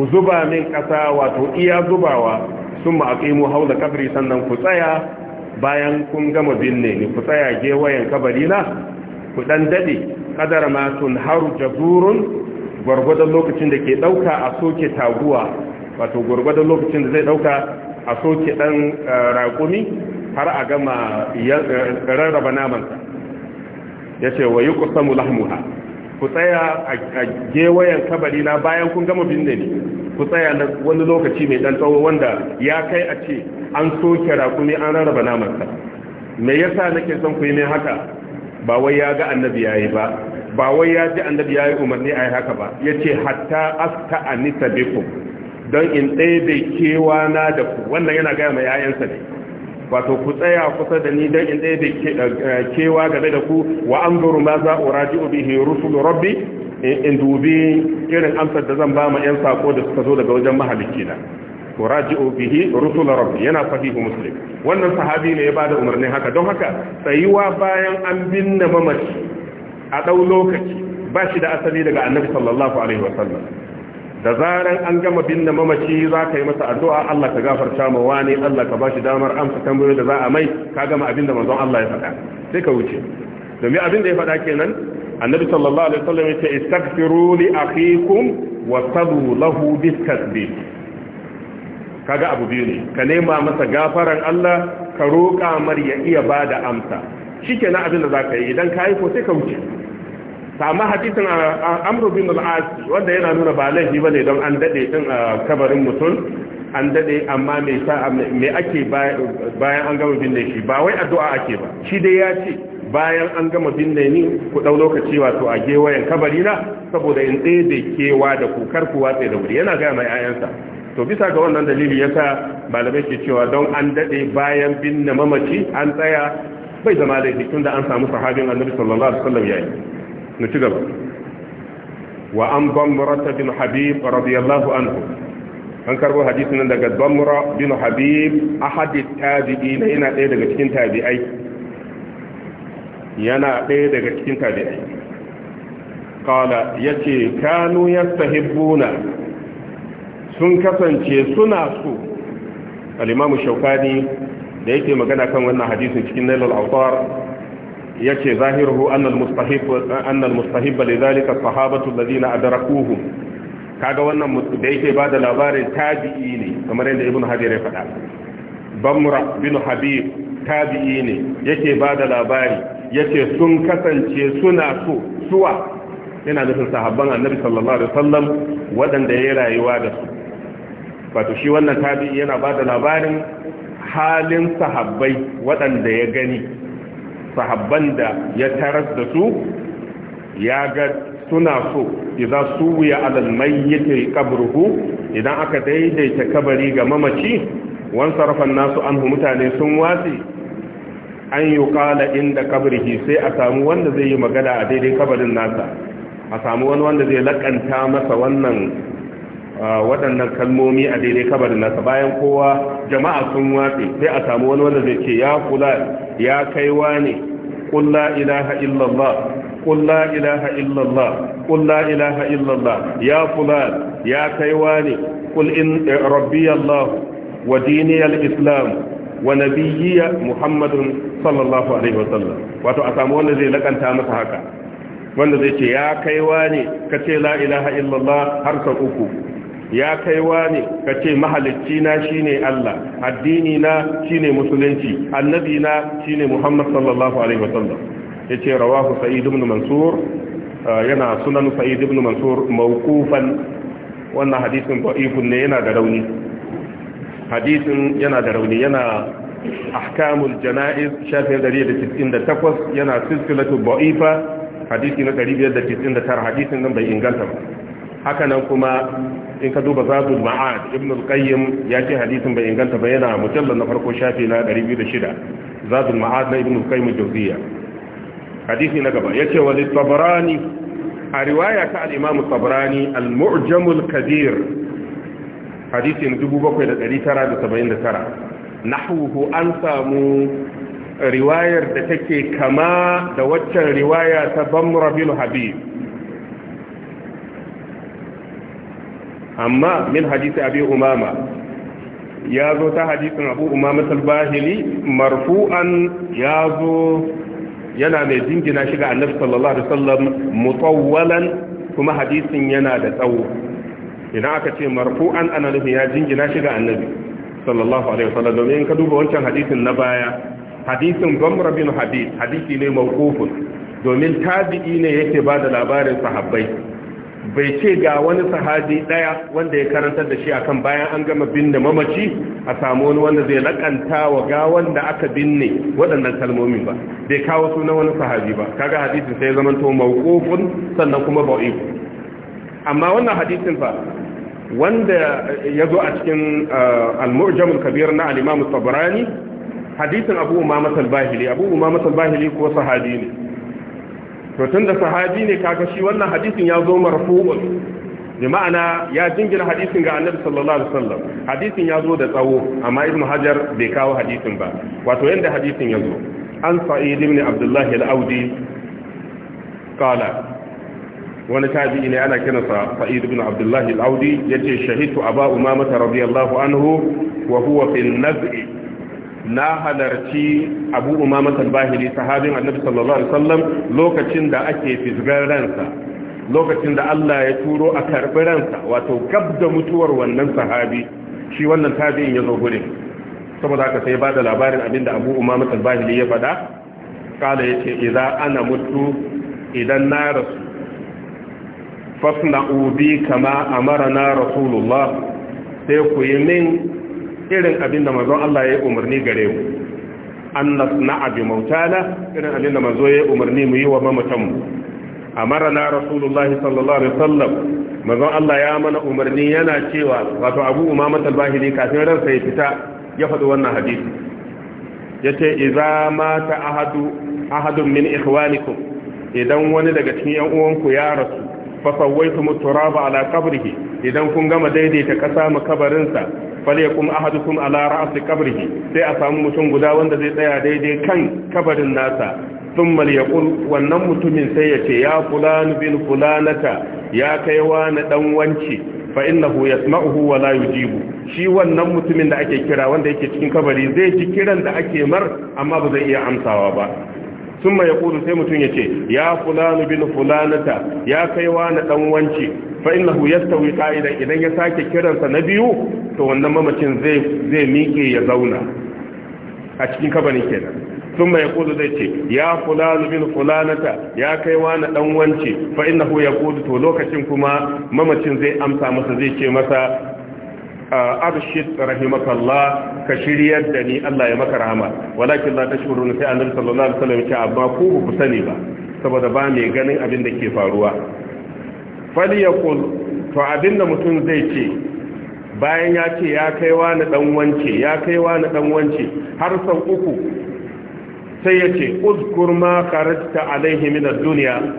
ku zuba min ƙasa wato iya zubawa sun ma'aƙimu da kabri sannan ku tsaya bayan kun gama binne ne ku tsaya gewayen kabari na ku ɗan daɗe ƙadar ma sun haru jazurun gwargwadon lokacin da ke ɗauka a soke taguwa wato gwargwadon lokacin da zai ɗauka a soke ɗan eh, raƙumi har a gama eh, rarraba namansa ya ce wa yi mu mulhamuha ku tsaya a gewayen kabari na bayan kun gama binne ne ku tsaya na wani lokaci mai dan tsawo wanda ya kai a ce an soke rakumi an rarraba namansa me yasa nake son ku yi ne haka ba wai ya ga annabi yayi ba ba wai ya ji annabi yayi umarni a yi haka ba Ya ce hatta a nisa bikum don in ɗaya da kewa na da ku wannan yana gaya mai yayansa ne wato ku tsaya kusa da ni don in ɗaya da eh, kewa game da ku wa an zuru ma za a bihi rusulu rabbi Eh, in dubi irin amsar da zan ba ma 'yan sako da suka zo daga wajen mahalicina na bihi rusul rabbi yana Fahimu muslim wannan sahabi ne ya ba da umarnin haka don haka sayuwa bayan an binne mamaci a dau lokaci ba shi da asali daga annabi sallallahu alaihi wasallam da zaran an gama binne mamaci za ka yi masa addu'a Allah ka gafarta ma wani Allah ka bashi damar amsa tambayoyi da za a mai ka gama abin da manzon Allah ya faɗa sai ka wuce domin abinda ya faɗa kenan annabi sallallahu alaihi wasallam yace istaghfiru li akhikum wa salu lahu bitasbih kaga abu biyu ne ka nema masa gafaran Allah ka roƙa mar ya iya da amsa shikenan abin da ka yi idan ka aiko sai ka wuce amma hadisin amru bin al-as wanda yana nuna ba laifi ba ne don an daɗe dade a kabarin mutum an dade amma me ake bayan an gama bin da shi ba wai addu'a ake ba shi dai ya ce bayan an gama binne ni ku ɗau lokaci wato a gewayen kabari na saboda in tsaye da kewa da kukar ku watsa da wuri yana gaya mai ayansa to bisa ga wannan dalili sa balamai ke cewa don an daɗe bayan binne mamaci an tsaya bai zama da tun da an samu sahabin annabi sallallahu alaihi wasallam yayi mu ci gaba wa an ta bin habib radiyallahu anhu an karbo hadisin nan daga bamra bin habib ahadi tabi'ina yana ɗaya daga cikin tabi'ai yana ɗaya daga cikin tabi'ai kala ya ce kanu sun kasance suna so alimamu imamu shaukani da yake magana kan wannan hadisin cikin nailal autar ya ce zahiruhu annal mustahibba da zalika sahabatu alladhina adrakuhu kaga wannan da yake bada labarin tabi'i ne kamar yadda ibnu hajar ya faɗa bamra bin habib tabi'i ne yake ba da labari yace sun kasance suna so suwa yana nufin sahabban annabi sallallahu alaihi wasallam wadanda ya rayuwa da su wato shi wannan tabi'i yana ba da labarin halin sahabbai wadanda ya gani sahabban da ya tarar da su ya ga suna so idza wuya alal mayyit qabruhu idan aka daidaita kabari ga mamaci wan sarafan nasu anhu mutane sun watsi an yi kala inda kabarihi sai a samu wanda zai yi magana a daidai kabarin nasa a samu wani wanda zai lakanta masa wannan waɗannan kalmomi a daidai kabarin nasa bayan kowa jama'a sun watse sai a samu wani wanda zai ce ya kula ya kaiwa ne kulla ilaha illallah kulla ilaha illallah kulla ilaha illallah ya kula ya kaiwa ne kul in eh, rabbi allah wa diniyal islam wa nabiyya muhammadun sallallahu alaihi sallam wato a samu wanda zai lakanta masa haka wanda zai ce ya kaiwa ne ka ce la ilaha illallah har sau uku ya kaiwa ne ka ce mahalicci na shine Allah addini na shine musulunci annabi na shine Muhammad sallallahu alaihi wa sallam. yace rawahu sa'id ibn mansur uh, yana sunan sa'id ibn mansur mawqufan wannan hadisin da'ifun ne yana da rauni hadisin yana da rauni yana ahkamul jana'iz shafin 198 yana silsilatu ba'ifa hadisi na 599 hadisin nan bai inganta ba haka nan kuma in ka duba zadul ma'ad ibn al-qayyim ya ce hadisin bai inganta ba yana mujallal na farko shafi na 206 zadul ma'ad na ibn al-qayyim jawziya hadisi na gaba ce wa tabarani a riwaya ta al-imam tabarani al-mu'jam al-kabir nahwuhu an samu riwayar da take kama da waccan riwaya ta bamra bin habib amma min hadisi abi umama ya zo ta hadisin abu umama talbahili marfu'an ya zo yana mai jingina shiga annabi sallallahu alaihi wasallam mutawwalan kuma hadisin yana da tsawo idan aka ce marfu'an ana nufin ya jingina shiga annabi sallallahu alaihi wasallam domin ka duba wancan hadisin na baya hadisin gamra bin hadis hadisi ne mawqufun domin tabi'i ne yake bada labarin sahabbai bai ce ga wani sahabi daya wanda ya karantar da shi akan bayan an gama binne mamaci a samu wani wanda zai lakanta wa ga wanda aka binne waɗannan kalmomin ba bai kawo sunan wani sahabi ba kaga hadisin sai ya zama to mawqufun sannan kuma da'if amma wannan hadisin fa wanda ya zo a cikin uh, al-mu'jamul kabir na al-imam tabarani hadisin abu umama al-bahili abu umama al-bahili ko sahabi ne to tunda sahabi ne kaga shi wannan hadisin ya zo marfu'un bi ma'ana ya jingina hadisin ga annabi sallallahu alaihi wasallam hadisin ya zo da tsawo amma ibnu hajar bai kawo hadisin ba wato yanda hadisin ya zo an sa'id ibn abdullah al-audi qala wani tabi'i ne ana kiransa sa'id ibn abdullah al-audi yace shahidu aba umama radiyallahu anhu wa huwa fil naz'i na halarci abu umama al bahiri sahabin annabi sallallahu alaihi wasallam lokacin da ake fisgar ransa lokacin da Allah ya turo a karbi ransa wato gab da mutuwar wannan sahabi shi wannan tabi'in ya zo guri saboda haka sai ba da labarin abinda abu umama al bahiri ya faɗa kala yace idan ana mutu idan na rasu fasna'u bi kama marana rasulullah sai ku yi min irin abin da mazo Allah ya yi umarni gare mu an nasna'a bi mautala irin abin da mazo ya umarni mu yi wa mamatanmu marana rasulullahi sallallahu alaihi sallam manzon Allah ya mana umarni yana cewa wato Abu Umama al-Bahili kafin ransa ya fita ya faɗi wannan hadisi ce idza mata ahadu ahadun min ikhwanikum idan wani daga cikin yan uwanku ya rasu fa sawaitu muturaba ala qabrihi idan kun gama daidaita kasa kabarin sa falyakum ahadukum ala ra'si qabrihi sai a samu mutum guda wanda zai tsaya daidai kan kabarin nasa thumma yaqul wannan mutumin sai ya ce ya fulan bin fulanata ya kai na dan wanci fa innahu yasma'uhu wa la yujibu shi wannan mutumin da ake kira wanda yake cikin kabari zai ji kiran da ake mar amma ba zai iya amsawa ba sun mai kudu sai mutum ya ce ya fulani bin fulanata ya kaiwa na dan wanci ya innahu yastawi idan ya sake kiransa na biyu to wannan mamacin zai miƙe ya zauna a cikin kabarin kenan sun mai kudu zai ce ya fulani bin fulanata ya kaiwa na dan wanci fa innahu yaqudu to lokacin kuma mamacin zai amsa masa zai ce masa abshid rahimakallah ka shiryar da ni Allah ya maka rahama walakin la tashuruna sai annabi sallallahu alaihi wasallam ya amma ku ku sani ba saboda ba mai ganin abin da ke faruwa Fali falyakul to abin da mutum zai ce bayan ya ce ya kai wa ni dan wance ya kai wa ni dan wance har sau uku sai ya ce uzkur ma kharajta alaihi min ad-dunya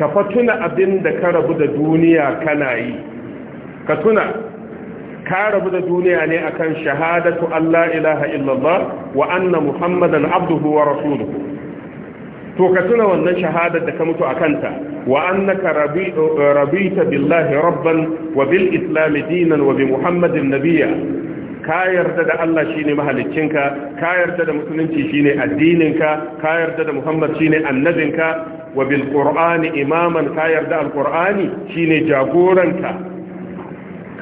ka fatuna abin da ka rabu da duniya kana yi ka tuna ka rabu da duniya ne akan shahadatu Allah ilaha illallah wa anna muhammadan abduhu wa rasuluhu to ka tuna wannan shahadar da ka mutu akanta wa annaka rabita billahi rabban wa bil islam dinan wa bi muhammadin nabiyya ka yarda da Allah shine mahaliccinka ka yarda da musulunci shine addininka ka yarda da Muhammad shine annabinka wa bil qur'ani imaman ka yarda al qur'ani shine jagoranka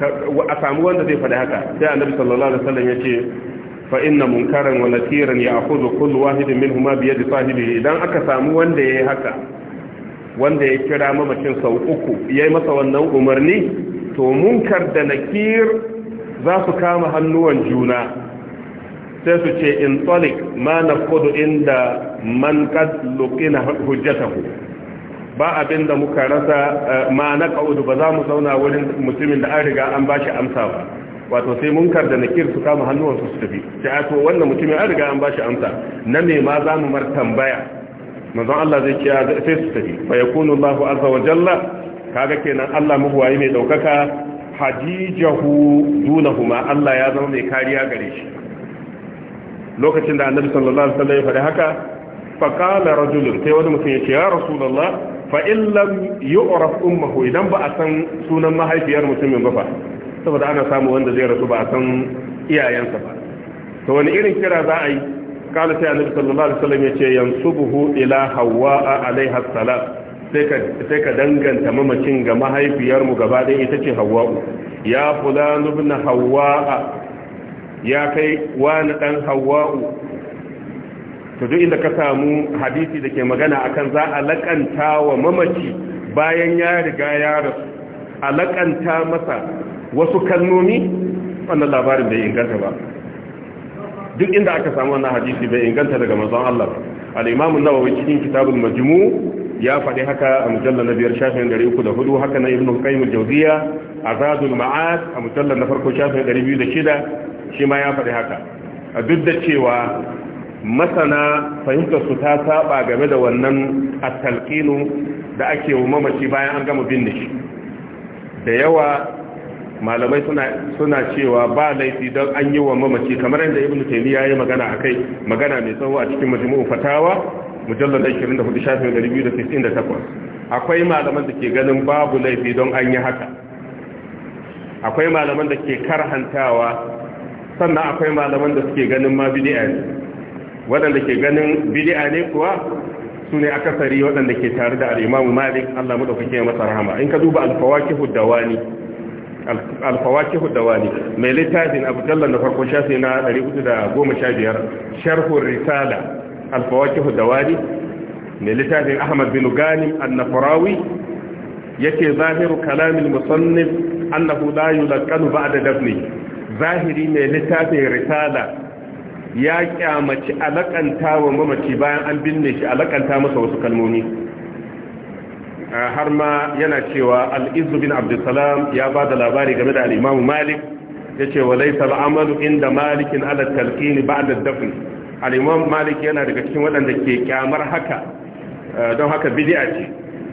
a samu wanda zai faɗi haka sai annabi sallallahu alaihi wasallam yace fa inna munkaran wa nakiran ya'khudhu kullu wahidin minhuma bi yadi sahibihi idan aka samu wanda yayi haka wanda ya kira mamacin sau uku yayi masa wannan umarni to munkar da nakir za su kama hannuwan juna sai su ce in tsalik ma na kudu inda man qad hujjata hujjatahu ba abin da muka rasa eh, ma na ƙa'udu ba za mu zauna wurin mutumin da an riga an ba shi amsa ba wato sai munkar da nakir su kama hannuwansu su tafi sai a to wannan mutumin an riga an ba shi amsa na me ma za mu mar tambaya manzon Allah zai kiya sai su tafi fa yakunu Allah azza wa jalla kaga kenan Allah muhuwayi mai daukaka hadijahu dunahuma Allah ya zama mai kariya gare shi lokacin da annabi sallallahu alaihi wasallam ya faɗi haka faqala rajulun sai wani mutum ya ce ya rasulullah fa in lam yu'raf ummuhu idan ba a san sunan mahaifiyar mutumin ba saboda ana samu wanda zai rasu ba a san iyayensa ba to wani irin kira za a yi kala sai annabi sallallahu alaihi wasallam yace yansubuhu ila hawa alaiha salam sai ka sai ka danganta mamacin ga mahaifiyar mu gaba ɗaya ita ce hawa ya fulan ibn hawa ya kai wani dan hawa to duk inda ka samu hadisi da ke magana akan za a lakanta wa mamaci bayan ya riga ya rasu a lakanta masa wasu kalmomi wannan labarin bai inganta ba duk inda aka samu wannan hadisi bai inganta daga manzon Allah al-Imam nawawi cikin kitabul majmu' ya faɗi haka a mujallar na biyar shafin ɗari uku da hudu haka na ibn qayyim jauziya a azadul ma'ad a mujallar na farko shafin ɗari biyu da shida shi ma ya faɗi haka a duk da cewa masana fahimtarsu ta saba game da wannan attalƙinu da ake wa mamaci bayan an gama bin shi da yawa malamai suna cewa ba laifi don an yi wa mamaci kamar yadda ibn taymiya ya magana akai magana mai tsawo a cikin majmu'u fatawa da 24 shafin 298 akwai malaman da ke ganin babu laifi don an yi haka akwai malaman da ke karhantawa sannan akwai malaman da suke ganin ma bid'a waɗanda ke ganin bid'a ne kuwa su ne akasari waɗanda ke tare da al'imamu malik Allah maɗaukake ya masa rahama in ka duba alfawaki dawani alfawakihu dawani mai littafin abu jallar da farko shafi na 415 sharhur risala Alfawaki dawani mai littafin ahmad bin ganim annafarawi yake zahiru kalamin musannif annahu la yulqanu da dafni zahiri mai littafin risala ya kyamaci alakanta wa mamaci bayan an binne shi alakanta masa wasu kalmomi har ma yana cewa al'izu bin abdulsalam ya ba da labari game da al'imamu malik ya ce wa laisa al'amalu inda malikin ala talqini ba'da dafn Alimamu malik yana daga cikin waɗanda ke kyamar haka don haka bid'a ce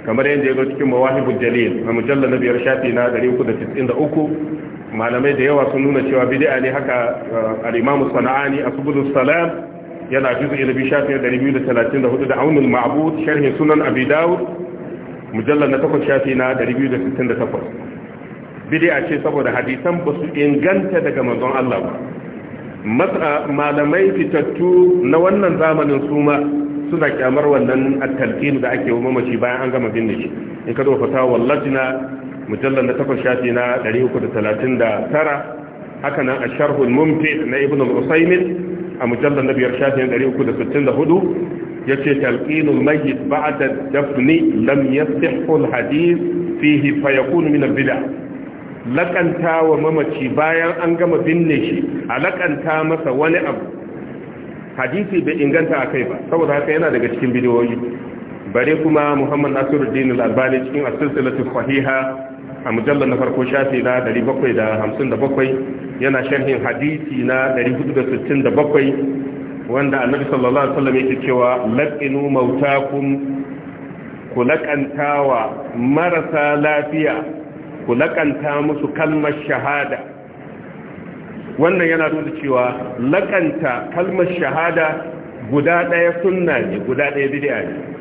kamar yadda ya zo cikin mawahibul jalil a mujallar na biyar shafi na 393 malamai da yawa sun nuna cewa bid'a ne haka uh, al-Imam Sana'ani a Subulus Salam yana bi na 234 da Aunul Ma'bud sharh Sunan Abi Dawud mujallad na 8 shafi na 268 bid'a ce saboda hadisan ba su inganta daga manzon Allah ba matsa uh, malamai fitattu na wannan zamanin su ma suna kyamar wannan at-talqin da ake yi mamaci bayan an gama binne shi in ka zo fatawa wallajna mujallar na takwas shafi na 339 haka nan a sharhul mumti na ibn al-usaimin a mujallar na biyar shafi na 364 ya ce talqinul mayyit ba'da dafni lam yasihhu al-hadith fihi fa yakun min al lakanta wa mamaci bayan an gama binne shi a lakanta masa wani abu hadisi bai inganta a kai ba saboda haka yana daga cikin bidiyoyi bare kuma muhammad nasiruddin al-albani cikin as-silsilatu sahiha a mujallar na farko shafi na 757 yana sharhin hadisi na 467 wanda annabi sallallahu alaihi wasallam yake cewa laqinu mautakum kulakantawa marasa lafiya kulakanta musu kalmar shahada wannan yana nuna cewa lakanta kalmar shahada guda ɗaya sunna ne guda ɗaya bid'a ne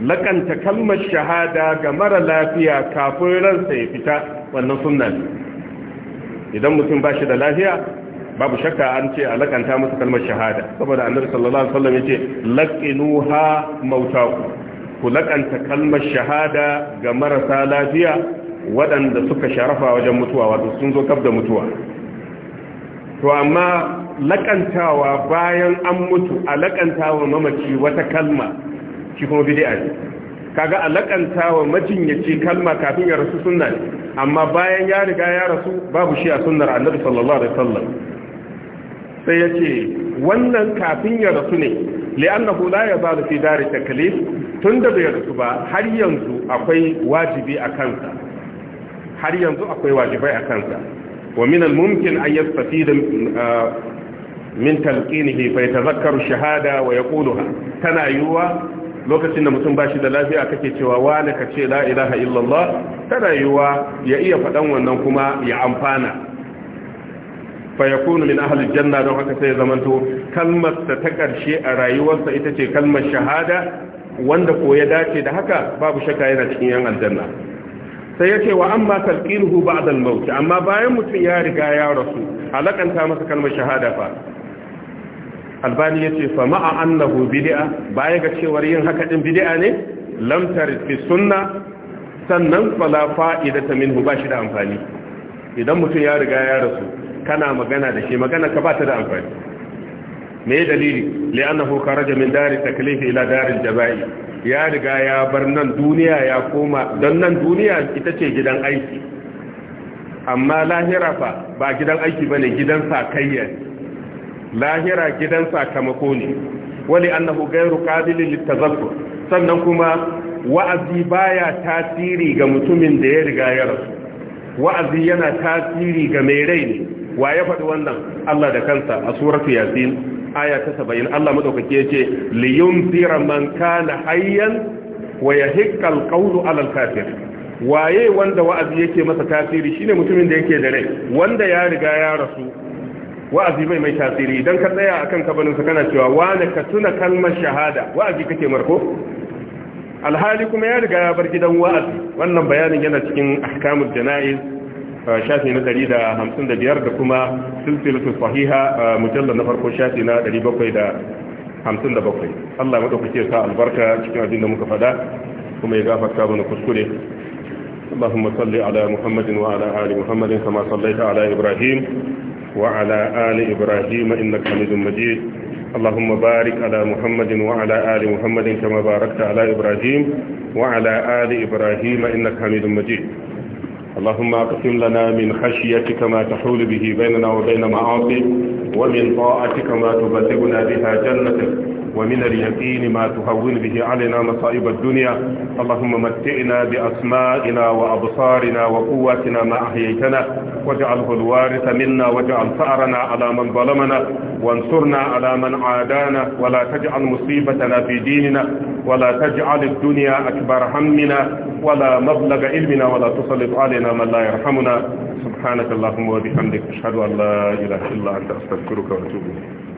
lakanta kalmar shahada ga mara lafiya kafin ransa ya fita wannan sunna idan mutum ba shi da lafiya babu shakka an ce a lakanta masa kalmar shahada saboda annabi sallallahu alaihi wasallam yace ha mautaku ku lakanta kalmar shahada ga marasa lafiya waɗanda suka sharafa wajen mutuwa wato sun zo kaf da mutuwa to amma lakantawa bayan an mutu a lakantawa mamaci wata kalma shi kuma bid'a ne kaga alakanta wa majinyaci kalma kafin ya rasu sunna ne amma bayan ya riga ya rasu babu shi a sunnar annabi sallallahu alaihi wasallam sai yace wannan kafin ya rasu ne li'annahu la yazalu fi dari taklif tunda bai rasu ba har yanzu akwai wajibi a kansa har yanzu akwai wajibai a kansa wa min al-mumkin an yastafida ah, min talqinihi fa yatadhakkaru shahada wa yaquluha tana yuwa lokacin da mutum ba shi da lafiya kake cewa wani ka ce la ilaha illallah ta rayuwa ya iya faɗan wannan kuma ya amfana fa yakunu min ahli janna don haka sai ya zamanto kalmar ta ta karshe a rayuwarsa ita ce kalmar shahada wanda ko ya dace da haka babu shakka yana cikin yan aljanna sai ya ce wa amma talqinuhu ba'da al-maut amma bayan mutum ya riga ya rasu alakanta masa kalmar shahada fa albani ya ce fa ma'a annahu bid'a baya ga cewar yin haka din bidi'a ne lam tarfi sunna sannan fala fa'idata minhu ba shi da amfani idan mutum ya riga ya rasu kana magana da shi magana ka ba ta da amfani me dalili annahu kharaja min dari taklifi ila dari jaba'i ya riga ya bar nan duniya ya koma dan nan duniya ita ce gidan aiki amma lahira fa ba gidan aiki bane gidan sakayya lahira gidan sakamako ne wani annahu ghairu qabilin litazakkur sannan kuma wa'azi baya tasiri ga mutumin da ya riga ya rasu wa'azi yana tasiri ga mai rai ne wa ya faɗi wannan Allah da kansa a suratu yasin aya ta 70 Allah madaukake yace liyunzira man kana hayyan wa yahiqqa alqawlu ala alkafir waye wanda wa'azi yake masa tasiri shine mutumin da yake da rai wanda ya riga ya rasu wa'azi bai mai tasiri idan ka tsaya akan kabarin sa kana cewa wani ka tuna kalmar shahada wa'azi kake marko alhali kuma ya riga ya bar gidan wa'azi wannan bayanin yana cikin ahkamul jana'iz uh, shafi na 155 da kuma silsilatu sahiha uh, mujallal na farko shafi na 757 Allah madaukake sa albarka cikin abin da muka fada kuma ya gafarta mana kuskure اللهم صل على محمد وعلى آل محمد كما صليت على إبراهيم وعلى آل إبراهيم إنك حميد مجيد اللهم بارك على محمد وعلى آل محمد كما باركت على إبراهيم وعلى آل إبراهيم إنك حميد مجيد اللهم اقسم لنا من خشيتك ما تحول به بيننا وبين معاصيك ومن طاعتك ما تبلغنا بها جنتك ومن اليقين ما تهون به علينا مصائب الدنيا اللهم متئنا بأسمائنا وأبصارنا وقواتنا ما أحييتنا واجعله الوارث منا واجعل ثأرنا على من ظلمنا وانصرنا على من عادانا ولا تجعل مصيبتنا في ديننا ولا تجعل الدنيا أكبر همنا ولا مبلغ علمنا ولا تسلط علينا من لا يرحمنا سبحانك اللهم وبحمدك أشهد أن لا إله إلا أنت أستغفرك وأتوب إليك